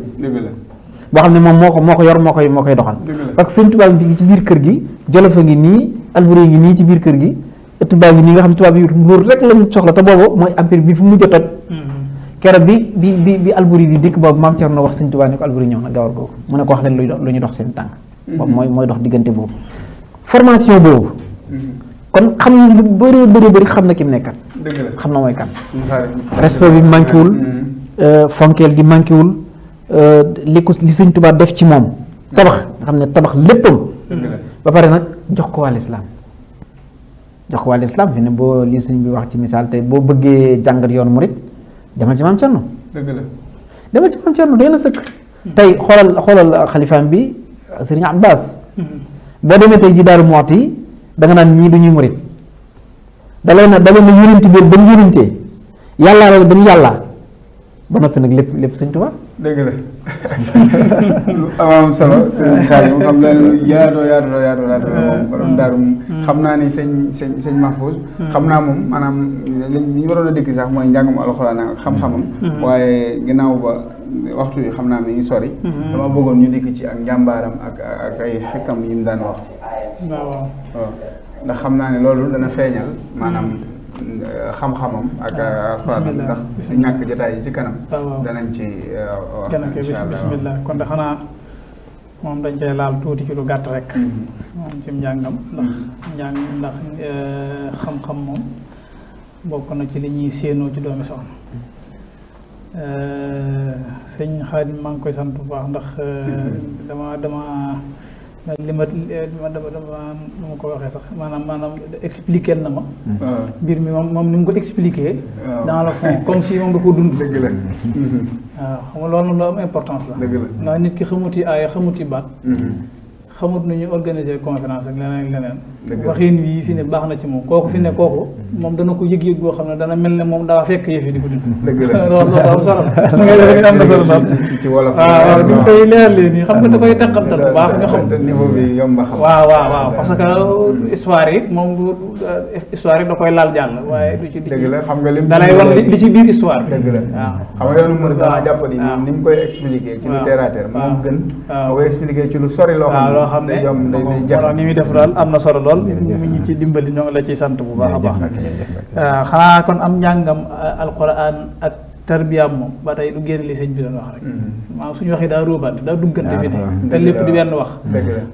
D: boo xam ne moom moo ko moo ko yor moo koy moo koy doxal parce que Sëñ Tuubaa bi kër gi Albury ngi nii ci biir kër gi ëtt baa ngi nii nga xam tubaab yi loolu rek lañ soxla te boobu mooy empire bi fi mujj a toj mm-hmm. keroog bi bi bi bi Albury di dikk boobu maam Thierno wax sëñ Tuubaa ne ko Albury ñëw na gawar googu mu ne ko wax leen luy dox lu ñu dox seen tànk mm-hmm. boobu mooy mooy dox diggante boobu formation boobu
E: mm-hmm.
D: kon xam lu bëri bëri bëri xam na ki mu nekkat xam na mooy kan
E: respect bi manqué wul
D: euh, fonkeel gi manqué wul euh, li ko li sëñ Tuubaa def ci moom tabax nga xam ne tabax léppam ba pare nag jox ko wàll islam jox ko wàll islam fi ne boo li sëñ bi wax ci misaal tey boo bëggee jàngat yoon murit demal ci maam Cerno dëgg la demal ci maam Cerno doy na sëkk tey xoolal xoolal xalifaam bi sëriñ Abbas hmm. boo demee tey ji Daaru Muxti da nga naan ñii du ñuy murit da leen a da leen a yurinte biir ba ñu yurintee yàllaa la ba ñu yàlla ba noppi nag lépp lépp sëñ Tuubaa.
B: dëgg la lu am solo sëñ Xaadim xam la yaatoo yaatoo yaatoo yaatoo moom borom daaru mm-hmm. xam naa ni sëñ sëñ sëñ Mahfouz mm-hmm. xam naa moom maanaam li ñu waroon a dëkk sax mooy njàngum alxuraan ak xam-xamam mm-hmm. waaye ginnaaw ba waxtu yi xam naa mi ngi sori dama bëggoon ñu dikk ci ak njàmbaaram ak ak ay xekkam yi daan wax ndax xam naa ne loolu dana feeñal maanaam xam-xamam ak euh, alxuraan ndax ñàkk jotaay yi ci kanam ci kanam euh, ke bismillah
C: kon de xanaa moom dañ cay laal tuuti ci lu gàtt rek mm-hmm. moom ci njàngam ndax mm-hmm. njàng ndax euh, xam-xam moom bokk na ci li ñuy séenoo ci doomi soxna mm-hmm. sëñ Xaadim maa ngi koy sant bu baax ndax dama dama li ma li ma dama dama nu ma ko waxee sax maanaam maanaam expliqué na ma. Mm-hmm. mbir mi moom moom ni mu ko expliquer dans la fond comme si moom da ko dund. dëgg la.
E: Mm-hmm.
C: waaw xam nga loolu lu importance la. dëgg la ndax nit ki xamuti aaya xamuti baat. Mm-hmm. xamut nañu organiser conférence ak leneen leneen waxin wi fi ne baax na ci moom kooku fi ne mm. kooku moom dana ko yëg-yëg boo xam ne dana mel ne moom daa fekk yëf yi di ko dund loolu loolu am solo da ngay def am na solo sax ah, waaw waaw duñ koy leer leen nii xam nga da koy teqantal bu baax nga xam niveau bi yomb xam waaw waaw waaw parce que mm. histoire yi moom euh, histoire yi la xam nga lim li ci biir la waaw nga yoonu
B: murid dama jàpp ni ni ñu koy expliquer ci lu terre à terre moom gën nga koy expliquer yoo xam ne voilà ni muy def daal am
C: na solo lool mu ngi ci dimbali ñoo ngi la ciy sant bu baax a baax xanaa kon am njàngam uh, alquran ak tarbiyaam moom ba tey du génn li sëñ bi doon wax rek maanaam mm-hmm. suñu waxee daa ruubaat daa duggante fi ne ah, te lépp di benn wax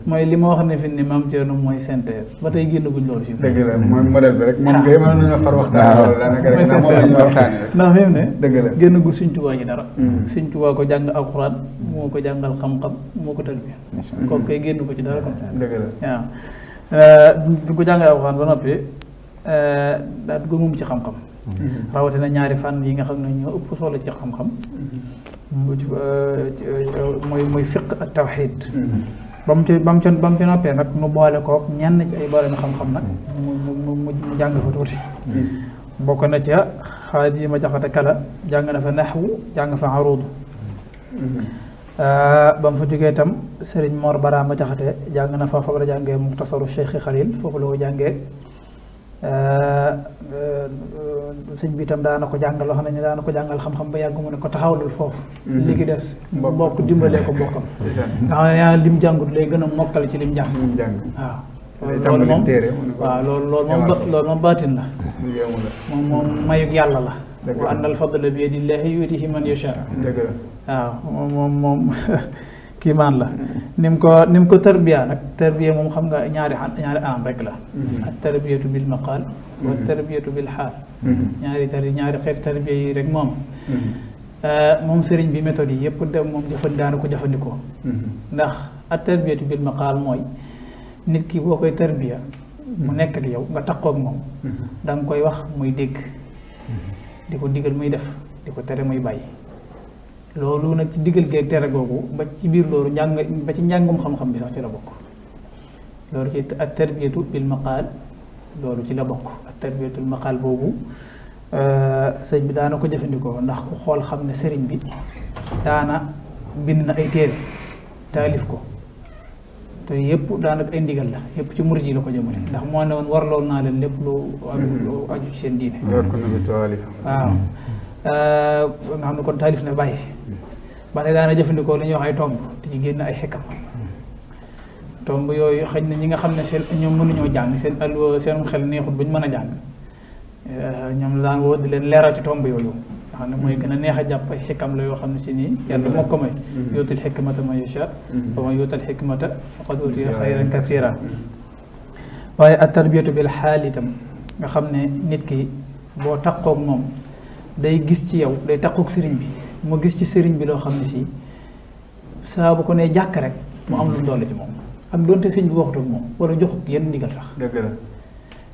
C: mooy li ma wax ne fi ne maam Thierno mooy synthèse ba tey génn guñ loolu fi dëgg mooy modèle bi rek moom ngay mën nañoo far waxtaan ah. loolu daanaka rek ndax ne dëgg la génn gu suñ tubaa ji dara mm-hmm. suñ tubaa ko jàng alxuraan moo ko jàngal xam-xam moo ko tarbiya kooku koy génn ko ci dara kon dëgg la waaw euh, du ko jàngal alxuraan ba noppi euh, daal gëmum ci xam-xam Mm-hmm. rawatina ñaari fànn yi nga xam ne ñu ëpp solo ci xam-xam mm-hmm. uh, uh, mooy mooy fiq ak mm-hmm. ba mu ci noppee nag mu boole kook ñenn ay boolemi xam-xam nag mu mu mu jàng fa tuuti bokk na ci Xaadima Jaxate Kala jàng na fa naxwu jàng fa aruudu uh, ba mu fa jógee itam Serigne Mor Baraama Jaxate jàng na fa fa la jàngee Muxtasaru Cheikh Xalil foofu la ko jàngee sëñ bi tam daana ko jàngal loo xam ne daana ko jàngal xam ba yàgg mu ne ko taxawalul foofu mhm. li gi ba bokk dimbalee ko mbokkam
E: nga xam
C: ne yaa lim jàngut lay gën a mokkal ci lim jàng waaw loolu moom waaw loolu loolu moom loolu moom baatin la moom moom mayug yàlla la wa anna al fadla bi yadillahi yutihi man yasha waaw moom moom kiimaan la ni ko ni mu ko tarbiya nag tarbiya moom xam nga ñaari an ñaari rek la mm-hmm. ak tarbiyatu bil maqaal wa mm-hmm. tarbiyatu bil xaal mm-hmm. ñaari tari ñaari xeet tarbiya rek moom euh, moom sëriñ bi méthode yi yëpp dem moom jëfandi ko jëfandikoo ndax ak tarbiyatu mooy nit ki boo koy tarbiya mu nekk ak yow nga takkoo ak moom da koy wax muy dégg di ko digal muy def di ko tere muy bàyyi loolu nag ci digal geeg tere googu ba ci biir loolu njàng ba ci njàngum xam-xam bi sax ci la bokk loolu ci at tarbiyatu bil maqaal loolu ci la bokk at tarbiyatul maqaal boobu euh, sëñ bi daana ko jëfandikoo ndax ku xool xam ne sëriñ bi daana bind na ay téere taalif ko te yëpp daanaka ay ndigal la yëpp ci murid yi la ko jëmale ndax moo ne woon warlool naa leen lépp lu aju mm-hmm. ci seen diine waaw mm-hmm. euh, nga ne kon taalif na bàyyi ba ne daana jëfandikoo lañuy wax ay tomb di ci génn ay xekkam tomb yooyu xëy na ñi nga xam ne seen ñoom mënuñoo jàng seen alluwa seen xel neexul ba mën a jàng eh, ñoom daan woo di leen leeral ci tomb yooyu nga xam ne mooy gën a neex a jàpp ay xikam la yoo xam ne si nii yàlla moo ko may mm-hmm. yootul xikmata man yasha mm-hmm. wa man yootal xikmata faqad utiya xayran kasiira mm-hmm. waaye at tarbiyatu bil xaal itam nga xam ne nit ki boo takkoog moom day gis ci yow day takkoog sëriñ bi mu gis ci sëriñ bi loo xam ne si saa ko ne jàkk rek mu am lu mu doole ci moom am donte sëñ bi waxut ak moom wala joxut yenn ndigal sax. dëgg la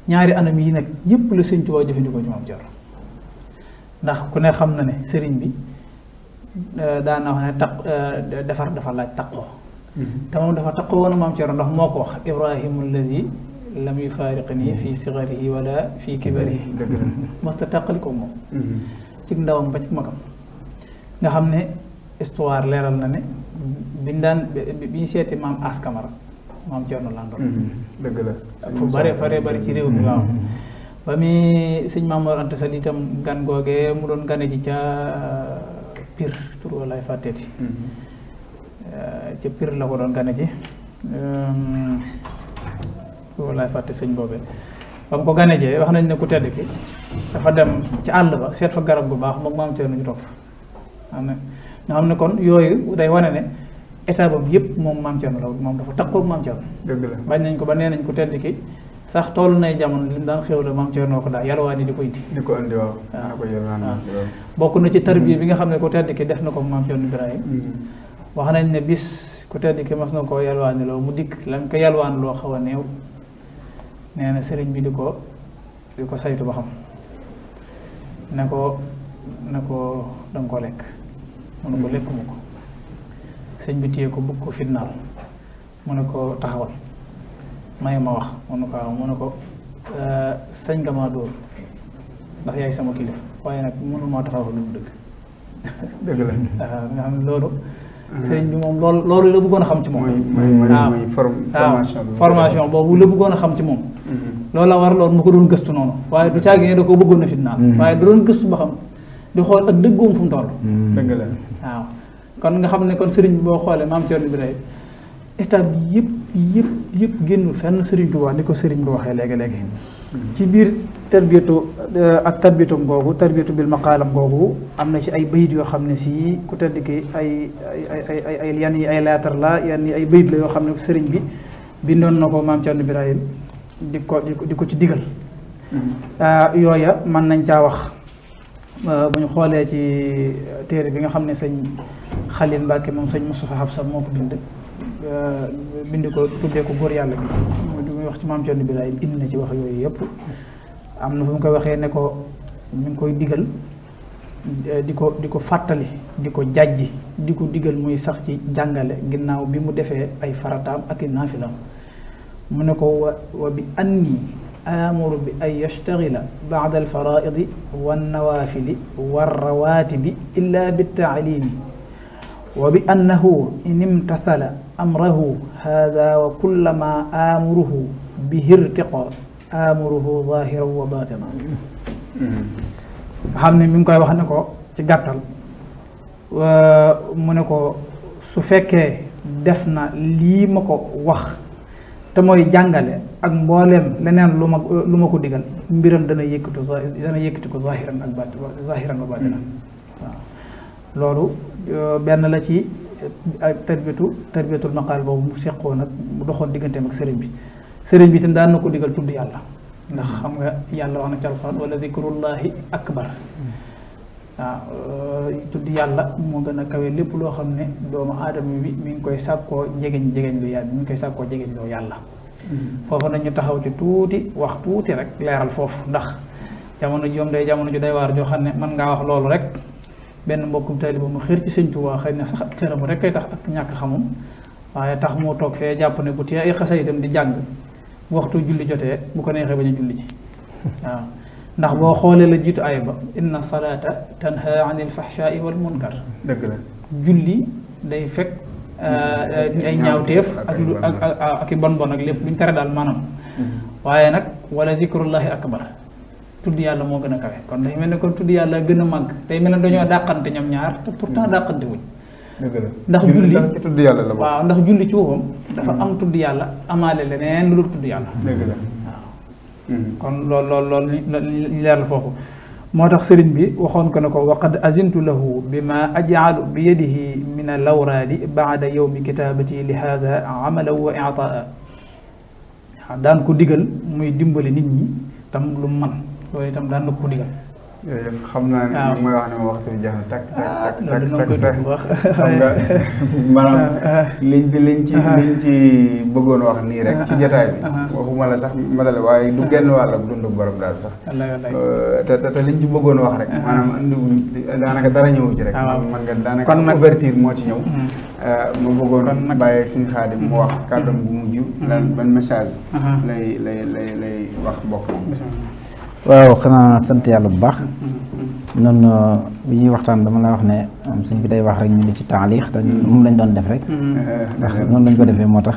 C: ñaari anam yi nag yëpp la sëñ Tuubaa jëfandikoo ci moom Jaara ndax ku ne xam na ne sëriñ bi euh, daana wax ne taq euh, defar dafa laaj taqoo. Mm-hmm. te moom dafa taqoo woon maam Jaara ndax moo ko wax Ibrahima allazi lam yufaariqnii mm-hmm. fii sigarihi wala fii kibarihi. dëgg la mos a taqali ko moom. Mm-hmm. ci ndawam ba ci magam. nga xam ne histoire leeral na ne biñ daan bi ñu seeti maam askamara maam Thierno Landor. Mm-hmm. dëgg la. fu bare bare bari ci réew mi waaw. Mm-hmm. ba muy sëñ Maam Mor Anta Sali itam gan googee mu doon gane ji ca euh, Pire tur wala fàtteeti. Mm-hmm. Euh, ca piir la ko doon gane ji. Euh, tur wala fàtte sëñ boobee. ba ko gane jee wax nañ ne ku tedd ki dafa dem ci àll ba seet fa garab gu baax moom maam Thierno ñu topp. am na nga xam ne kon yooyu day wane ne état boobu yëpp moom maam Thierno la moom dafa takkoog maam Thierno. dëgg la bañ nañ ko ba nee nañ ko tedd ki sax toolu nay jamono li mu daan xéw la maam Thierno ko daa yalwaani di ko indi. ko indi waaw dina bokk na ci tarbiya mm-hmm. bi nga xam ne ku tedd def na ko maam Thierno mm-hmm. wax nañ ne bis ku tedd ki na koo yalwaani loo mu dikk lañ ko yalwaan loo xaw a néew nee na sëriñ bi di ko di ko saytu ba xam ne ko ne ko da nga koo lekk. mu ne ko lépp mu ko sëñ bi téye ko bugg ko fitnaal mu ne ko taxawal may ma wax mu ne ko waaw mu ne ko euh, sëñ nga ma dóor ndax yaay sama kilifa waaye nag mënu maa taxawal lu mu dëgg dëgg la ah, nga xam ne loolu sëñ bi moom loolu loolu la bëggoon a xam ci moom boobu la bëggoon a xam ci moom mm-hmm. loolu la war loolu mu ko doon gëstu noonu waaye du caagi ne da koo bëggoon a fitnaal mm-hmm. waaye da doon gëstu ba xam di xool ak dëggoom fu mu hmm. la waaw kon nga xam ne kon sëriñ bi boo xoolee maam Thierno Ibrahima état bi yëpp yëpp yëpp génnul fenn sëriñ Tuubaa ko sëriñ bi waxee léegi léegi. Hmm. ci biir tarbiyatu euh, ak tarbiyatum googu tarbiyatu bil maqaalam googu am na ci ay bayit yoo xam ne si ku tedd ay ay ay ay ay yan yi la yan yi ay bayit la yoo xam ne sëriñ bi bindoon na ko maam Thierno di ko di ko ci digal. Hmm. Euh, yooya mën nañ caa wax. Euh, bu ñu xoolee ci euh, téere bi nga xam ne sëñ Xalil Mbàkke moom sëñ Moustapha Habsa moo ko bind euh, bind ko tuddee ko góor yàlla bi muy wax ci maam bi Birahim indi na ci wax yooyu yëpp am na fu mu koy waxee ne ko ñu ngi koy digal di ko di ko fàttali di ko jàjji di ko digal muy sax ci jàngale ginnaaw bi mu defee ay farataam ak i naafilam mu ne ko wa wa bi an nii amuru bi ay yastaxila baada alfaraidi wannawaafili warrawaatibi illa bitaalimi wa bi annahu in imtathala amrahu hada wa kullama amuruhu bihi irtiqa amuruhu zahiran wa batina nga xam ne mi ngi koy wax ne ko ci gàttal mu ne ko su fekkee def na lii ma ko wax te mooy jàngale ak mbooleem leneen lu ma lu ma ko digal mbiram dana yëkkatu dana yëkkati ko zahiran ak baat zahiran wa baatinan hmm. waaw loolu euh, benn la ci tarbiyatu tarbiyatul maqaal boobu mu seqoon ak mu doxoon digganteem ak sëriñ bi sëriñ bi itam daan na ko digal tudd yàlla ndax hmm. xam nga yàlla wax na ci alxuraan wala zikrullahi akbar hmm. waaw ah, euh, tudd yàlla moo gën a kawe lépp loo xam ne doomu aadama bi mi ngi koy sàkkoo jegeñ jegeñ lu yàlla mi koy sàkkoo jegeñ loo yàlla
E: mm-hmm.
C: foofu nañu taxaw ci tuuti wax tuuti rek leeral foofu ndax jamono joom day jamono ji day waar joo xam ne mën ngaa wax loolu rek benn mbokkum taaliba mu xër ci sëñ Tuubaa xëy na sax ab këram rek ay tax ak ñàkk xamum waaye tax moo toog fee jàpp ne bu tee ay xasa itam di jàng waxtu julli jotee bu ko neexee ba ñu julli ji waaw ndax boo xoolee la jiitu ay ba inna salaata tanha anil fahshaai wal munkar dëgg la julli day fekk euh, ay ñaawteef ak lu ak ak i bon bon ak lépp luñ tere daal maanaam mm-hmm. waaye nag wala zikrullahi akbar tudd yàlla moo gën a kawe kon day mel ne kon tudd yàlla gën a mànk day mel ne dañoo mm-hmm. dàqante ñoom ñaar te pourtant mm-hmm. dàqante ndax julli tudd yàlla la waaw ndax julli ci boppam dafa am tudd yàlla amaale leneen lu dul tudd yàlla Mm-hmm. kon lool lool lool ñu leeral foofu moo tax sëriñ bi waxoon ko ne ko waqad azintu lahu bi ma ajaalu bi yadihi min alawraadi baada yowmi kitaabati li haada daan ko digal muy dimbali nit ñi tam lu man loolu itam daan na ko digal yooyu yëpp xam naa ne ñu may wax ne ma waxtu bi
B: jeex na takk takk takk takk xam nga maanaam liñ ah, bi ah. liñ ci ah. liñ ci bëggoon wax nii rek ci jataay bi waxuma la sax matale waaye du genn wàll ak dundu borom daal sax euh, te te liñ ci bëggoon wax rek maanaam andiwuñ daanaka dara ñëwu ci rek man nga daanaka ouverture moo ci ñëw hmm. euh, ma bëggoon bàyyeeg suñu xaadim mu hmm. wax kàddoom bu mujj hmm. lan ban message lay lay lay lay wax mbokk moom
D: waaw xanaa sant yàlla bu baax. noonu euh, bi ñuy waxtaan dama la wax ne suñ bi day wax rek ñu ngi ci taalix dañ moom lañ doon def rek. Mm-hmm. ndax noonu lañ ko defee moo tax.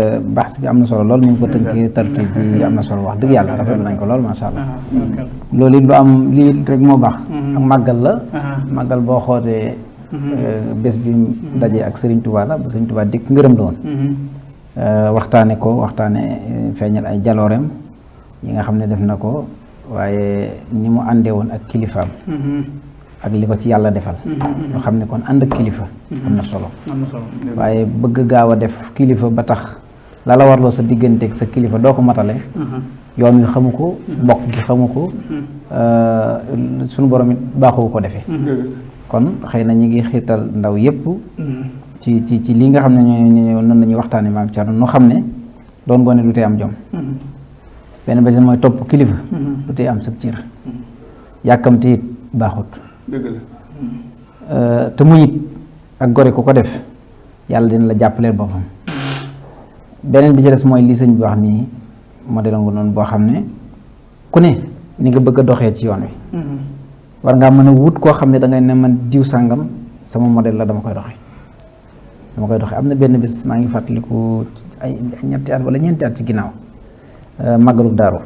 D: Euh, baax bi am na solo lool ni ko tënkee tartib bi am na solo wax dëgg yàlla rafetlu nañ ko lool macha allah. Ah, loolu it lu am lii rek moo baax. Mm-hmm. ak màggal la. Ah. màggal boo xoolee. Mm-hmm. Euh, bés bi dajee ak Serigne Touba bu Serigne Touba dikk ngërëm la woon. waxtaane ko waxtaane feeñal ay jalooreem. yi nga xam ne def na ko waaye ni mu àndee woon ak kilifaam mm-hmm. ak li ko ci yàlla defal mm-hmm. ñu xam ne kon ànd ak kilifa mm-hmm. am na solo waaye bëgg gaaw a def kilifa ba tax la la warloo sa diggante ak sa kilifa doo ko matale yoon wi xamu ko mbokk gi xamu ko euh, suñu borom it baaxoo ko defee kon xëy na ñu ngi xiirtal ndaw yépp ci ci ci li nga xam ne ñoo noonu la ñuy waxtaane nu xam ne doon gone du tee am jom benn bés mooy topp kilifa. lu mm-hmm. tee am sab cër. baaxut. Euh, te muñ it ak gore ku ko def yàlla dina la jàppaleel boppam. beneen bi ci des mooy lii sëñ bi wax nii modèle ngu noonu boo xam ne ku ne ni nga bëgg a doxee ci yoon wi. Mm-hmm. war ngaa mën a wut koo xam ne da ngay ne man diw sàngam sama modèle la dama koy doxee. dama koy doxe am na benn bés maa ngi fàttaliku ay ñetti at wala ñeenti at ci ginnaaw. Euh, màggalu daaru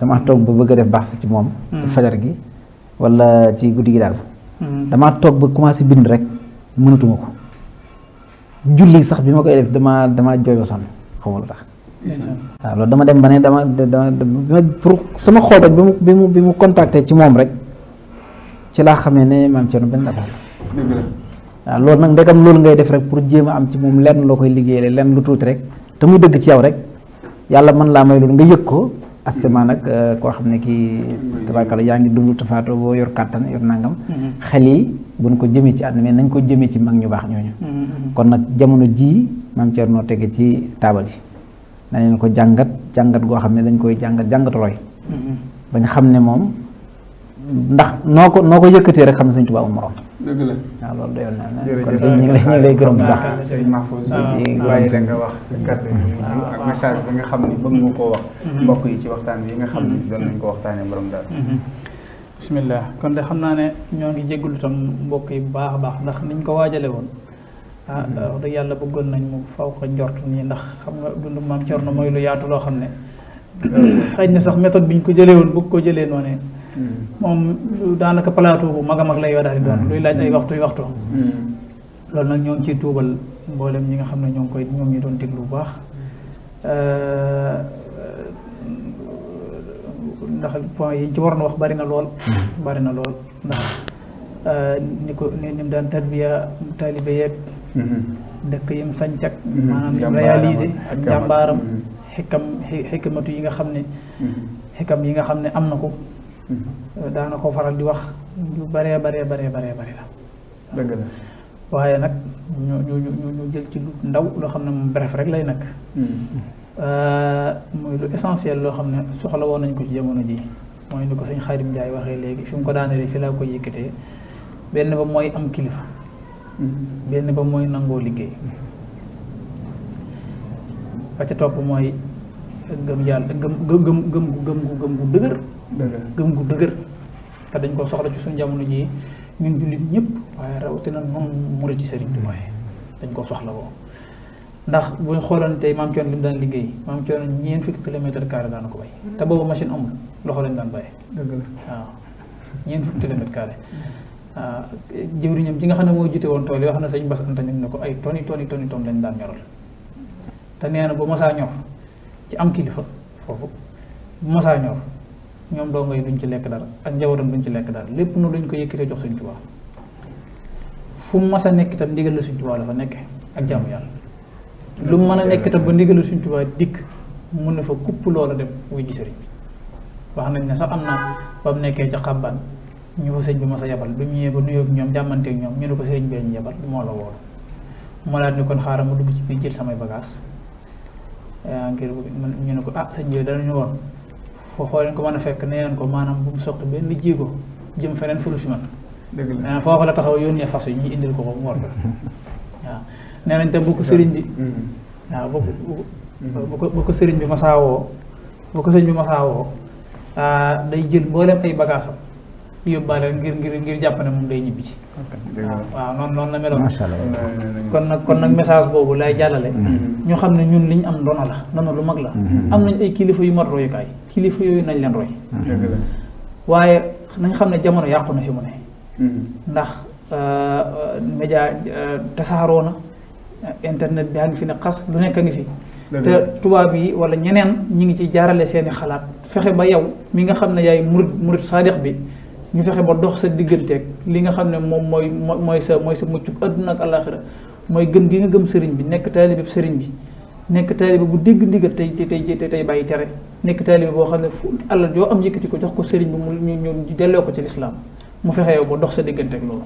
D: damaa toog ba bëgg a def baax ci moom. Hmm. ci fajar gi wala ci guddi gi daal. Hmm. dama toog ba commencé bind rek mënatuma ko. julli sax bi ma koy def damaa damaa jooy ba sonn xamul dama dem ba ne dama dama pour sama xol rek bi mu bi mu bi ci moom rek ci laa xam ne maam Thierno benn affaire la. waaw loolu nag ndegam loolu ngay def rek pour jéem a am ci moom lenn loo koy liggéeyee lenn lu tuuti rek te muy dëgg ci yow rek. yàlla mën laa may loolu nga yëg ko asamaan nag euh, koo xam ne kii tabaakala yaa ngi dund tafaatoo boo yor kàttan yor nangam mm-hmm. xel yi buñ ko jëmee ci àdduna mais nañ ko jëmee ci mag ñu baax ñooñu mm-hmm. kon nag jamono jii maam noo tege ci taabal yi nañ leen ko jàngat jàngat goo xam ne dañ koy jàngat jàngat roy mm-hmm. bañ xam ne moom ndax noo ko noo ko yëkkatee rek xam ne Sëñ Tuubaa amul morom. dëgg la waaw loolu doyoon na. jërëjëf kon ñu ngi lay ñu ngi lay gërëm bu baax. sëñ Mahfouz bàyyi la ah, nga wax sa kàddu
B: ah, ak message bi nga xam ne bëgg nga koo wax. Mm-hmm. mbokk yi ci waxtaan
C: bi nga xam ne mm-hmm. doon nañ ko waxtaanee borom daal. Mm-hmm. bismillah kon de xam naa ne ñoo ngi jégalu tam mbokk yi bu baax a baax ndax niñ ko waajale woon. ah wax dëgg yàlla bëggoon nañ mu faw ko njort nii ndax xam nga dund maam Cerno mooy lu yaatu loo xam ne. xëy na sax méthode bi ñu ko jëlee woon bëgg ko jëlee noonee Mm. moom daanaka plateau bu mag a mag lay yor daal di doon mm. luy laaj ay waxtu yu waxtu mm. loolu nag ñoo ngi ciy tuubal mboolem ñi nga xam ne ñoo ngi koy ñoom ñu doon déglu bu baax euh, ndax point yi ci waroon wax bari na lool bari na lool ndax euh, ni ko ni mu daan tarbiya taalibe yeeg mm-hmm. dëkk yim sañcak mm-hmm. maanaam yim réalisé ak njàmbaaram mm-hmm. yi nga xam ne xikam yi nga xam ne am na ko Euh, daana ko faral di wax ñu baree baree baree bare bari la waaye nag ñu ñu ñu ñu jël ci lu ndaw loo xam ne moom bref rek lay nekk hmm. euh, muy lu essentiel loo xam ne soxla woon nañ ko ci jamono ji mooy ni ko sëñ Xaadim Njaay waxee léegi fi mu ko daanelee fi laa ko yëkkatee benn ba mooy am kilifa hmm. benn ba mooy nangoo liggéey ba ca topp mooy gëm yàlla gëm gëm gëm gëm gëm gëm gu dëgër. gëm gu dëgër. te dañ ko soxla ci suñu jamono jii ñun jullit ñëpp waaye rawatina noonu murit ci Sëriñ Tuubaa dañ koo soxla woo. ndax bu ñu tey maam Thion li mu daan liggéey maam Thion ñeen fukki kilomètre carré daan ko bay. te boobu machine amul loxo lañ daan bàyyi. dëgg la waaw ñeent fukki kilomètre carré. waaw ci nga xam ne moo jiite woon tool yi wax na sëñ Bass Anta ne ko ay toni toni toni ton lañ daan te nee na bu masaa ñor ci am kilifa foofu mosaa ñëw ñoom doo ngay duñ ci lekk dara ak njabootam duñ ci lekk dara lépp noonu lañ ko yëkkatee jox Sëñ Tuubaa fu mu masa nekk itam ndigal la Sëñ Tuubaa la fa nekke ak jaamu yàlla lu mën a nekk itam ba ndigal la Sëñ Tuubaa dikk mun na fa kupp loola dem wuy ji nañ ne sax am na ba mu nekkee ca xàbbaan ñu fa sëñ bi masa yabal bi mu ñëwee ba nuyoo ñoom jàmmanteeg ñoom ñu ne ko sëriñ bi ñu yabal moo la woolu moo daal ni kon xaaral ma dugg ci biir jël samay bagage Eh, ngir ñu ne ko ah sëñ bi danañu woon foo xooleen ko man a fekk nee ko maanaam bu mu soqi benn jéego jëm feneen furu si man dëgg la eh, foofu la taxaw yónnee fas yi ñu indil ko ko mu war waaw nee nañ te bu ko sëriñ bi mm-hmm. waaw bu ko mm-hmm. ko sëriñ masaawoo bu ko sëriñ bi masaawoo ah, day jël mboolem ay bagaasam yóbbaale ngir ngi ngir jàpp ne moom day ñibbi ci waaw noonu noonu la meloon kon nag kon nag message boobu lay jàllale mm-hmm. ñoo xam ne ñun liñ am ndono la ndono lu mag la mm-hmm. am nañ ay kilifa yu mat royukaay kilifa yooyu nañ leen roy mm-hmm. waaye nañ xam ne jamono yàqu na fi mu ne ndax euh, euh, média euh, tasaaroo na internet bi a fi ne xas lu nekk a ngi fi te tubaab yi wala ñeneen ñi ngi ci jaarale seeni xalaat fexe ba yow mi nga xam ne yaay murid murid saadix bi ñu fexe ba dox sa digganteeg li nga xam ne moom mooy mooy sa mooy sa muccug àdduna ak àllaaxira mooy gën gi nga gëm sëriñ bi nekk taalibe sëriñ bi nekk taalibe bu dégg digg tey tey tey tey bàyyi tere nekk taalibe boo xam ne fu alal yoo am yëkkati ko jox ko sëriñ bi mu ñu ñu delloo ko ci lislaam mu fexe yow ba dox sa digganteeg loolu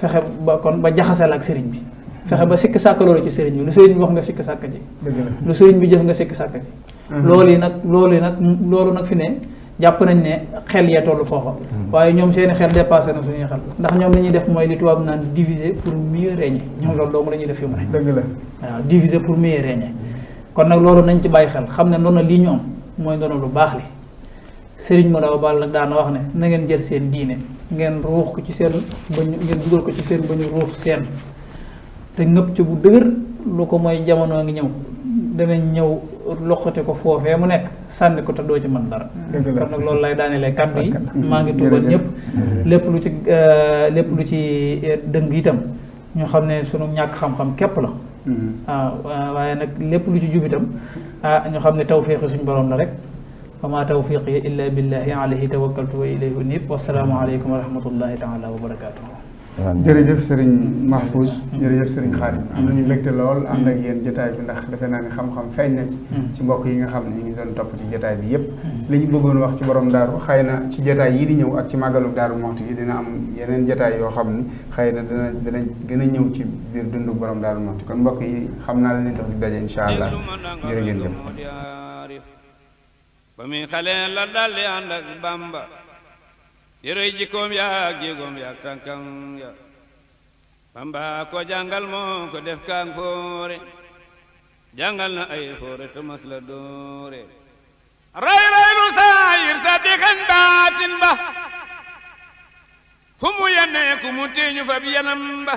C: fexe ba kon ba jaxasal ak sëriñ bi fexe ba sikk sàkk loolu ci sëriñ bi lu sëriñ bi wax nga sikk sàkk ji lu sëriñ bi jëf nga sikk sàkk ji loolu nag loolu nag loolu nag fi ne jàpp nañ ne xel yee toll foofa hmm. waaye ñoom seeni xel dépassé na suñuy xel ndax ñoom li def mooy li tubaab naan diviser pour mieux régner ñoom loolu doomu la ñuy def fi ma ne la waaw diviser pour mieux régner kon nag loolu nañ ci bàyyi xel xam ne noonu lii ñoom mooy doona lu baax li Sëriñ Modaw Ball nag daana wax ne na ngeen jël seen diine ngeen ruux ko ci seen bañu ngeen dugal ko ci seen bañu ruux seen te ngëpp ci bu dëgër lu ko mooy jamono ngi ñëw danañ ñëw loqati ko foofee mu nekk sànni ko te doo ci mën dara kon nag loolu lay daanelee kàddu yi maa ngi tuubal ñëpp lépp lu ci euh, lépp lu ci euh, dëng itam ñu xam ne sunu ñàkk xam-xam képp la mm-hmm. ah, waaw waaye nag lépp lu ci jub itam ah ñu xam ne tawfiixi suñu borom la rek wa maa tawfiiqi illa billahi alayhi tawakkaltu wa ilayhi unib wasalaamu aleykum wa rahmatullahi taala wa barakaatu
B: jërëjëf Serigne Mahfouz hmm. jërëjëf Serigne Khadim am nañu mbégte lool ànd ak yéen jotaay bi ndax defe naa ne xam-xam feeñ na ci hmm. mbokk yi nga xam ne ñu ngi doon topp ci jotaay bi yépp hmm. li ñu bëggoon wax ci borom daaru xëy na ci jotaay yi di ñëw ak ci màggalu daaru moxti yi dina am yeneen jataay yoo xam ni xëy na dana dana gën a ñëw ci biir dundu borom daaru moxti kon mbokk yi xam naa la leen tax di daje insha allah jërë
A: jëf ba muy xale la dal ànd ak Bamba yërëy jikkoom yaag jéegoom yaag tànkam ya Bamba ko jàngal moo ko def kaang foore jàngal na ay foore tomas la doore ray ray lu saayir sa dixen baatin ba fu mu yenee ku tiiñu fab yanam ba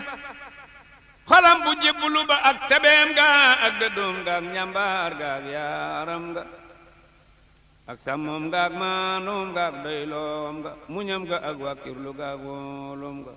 A: xolam bu jébbalu ba ak tabeem ga ak dëddoom ga ak ñambaar ga yaaram ga ak samoom nga ak maanoom nga ak doyloom nga muñam ga ak wàkkirlu nga ak wooloom
E: nga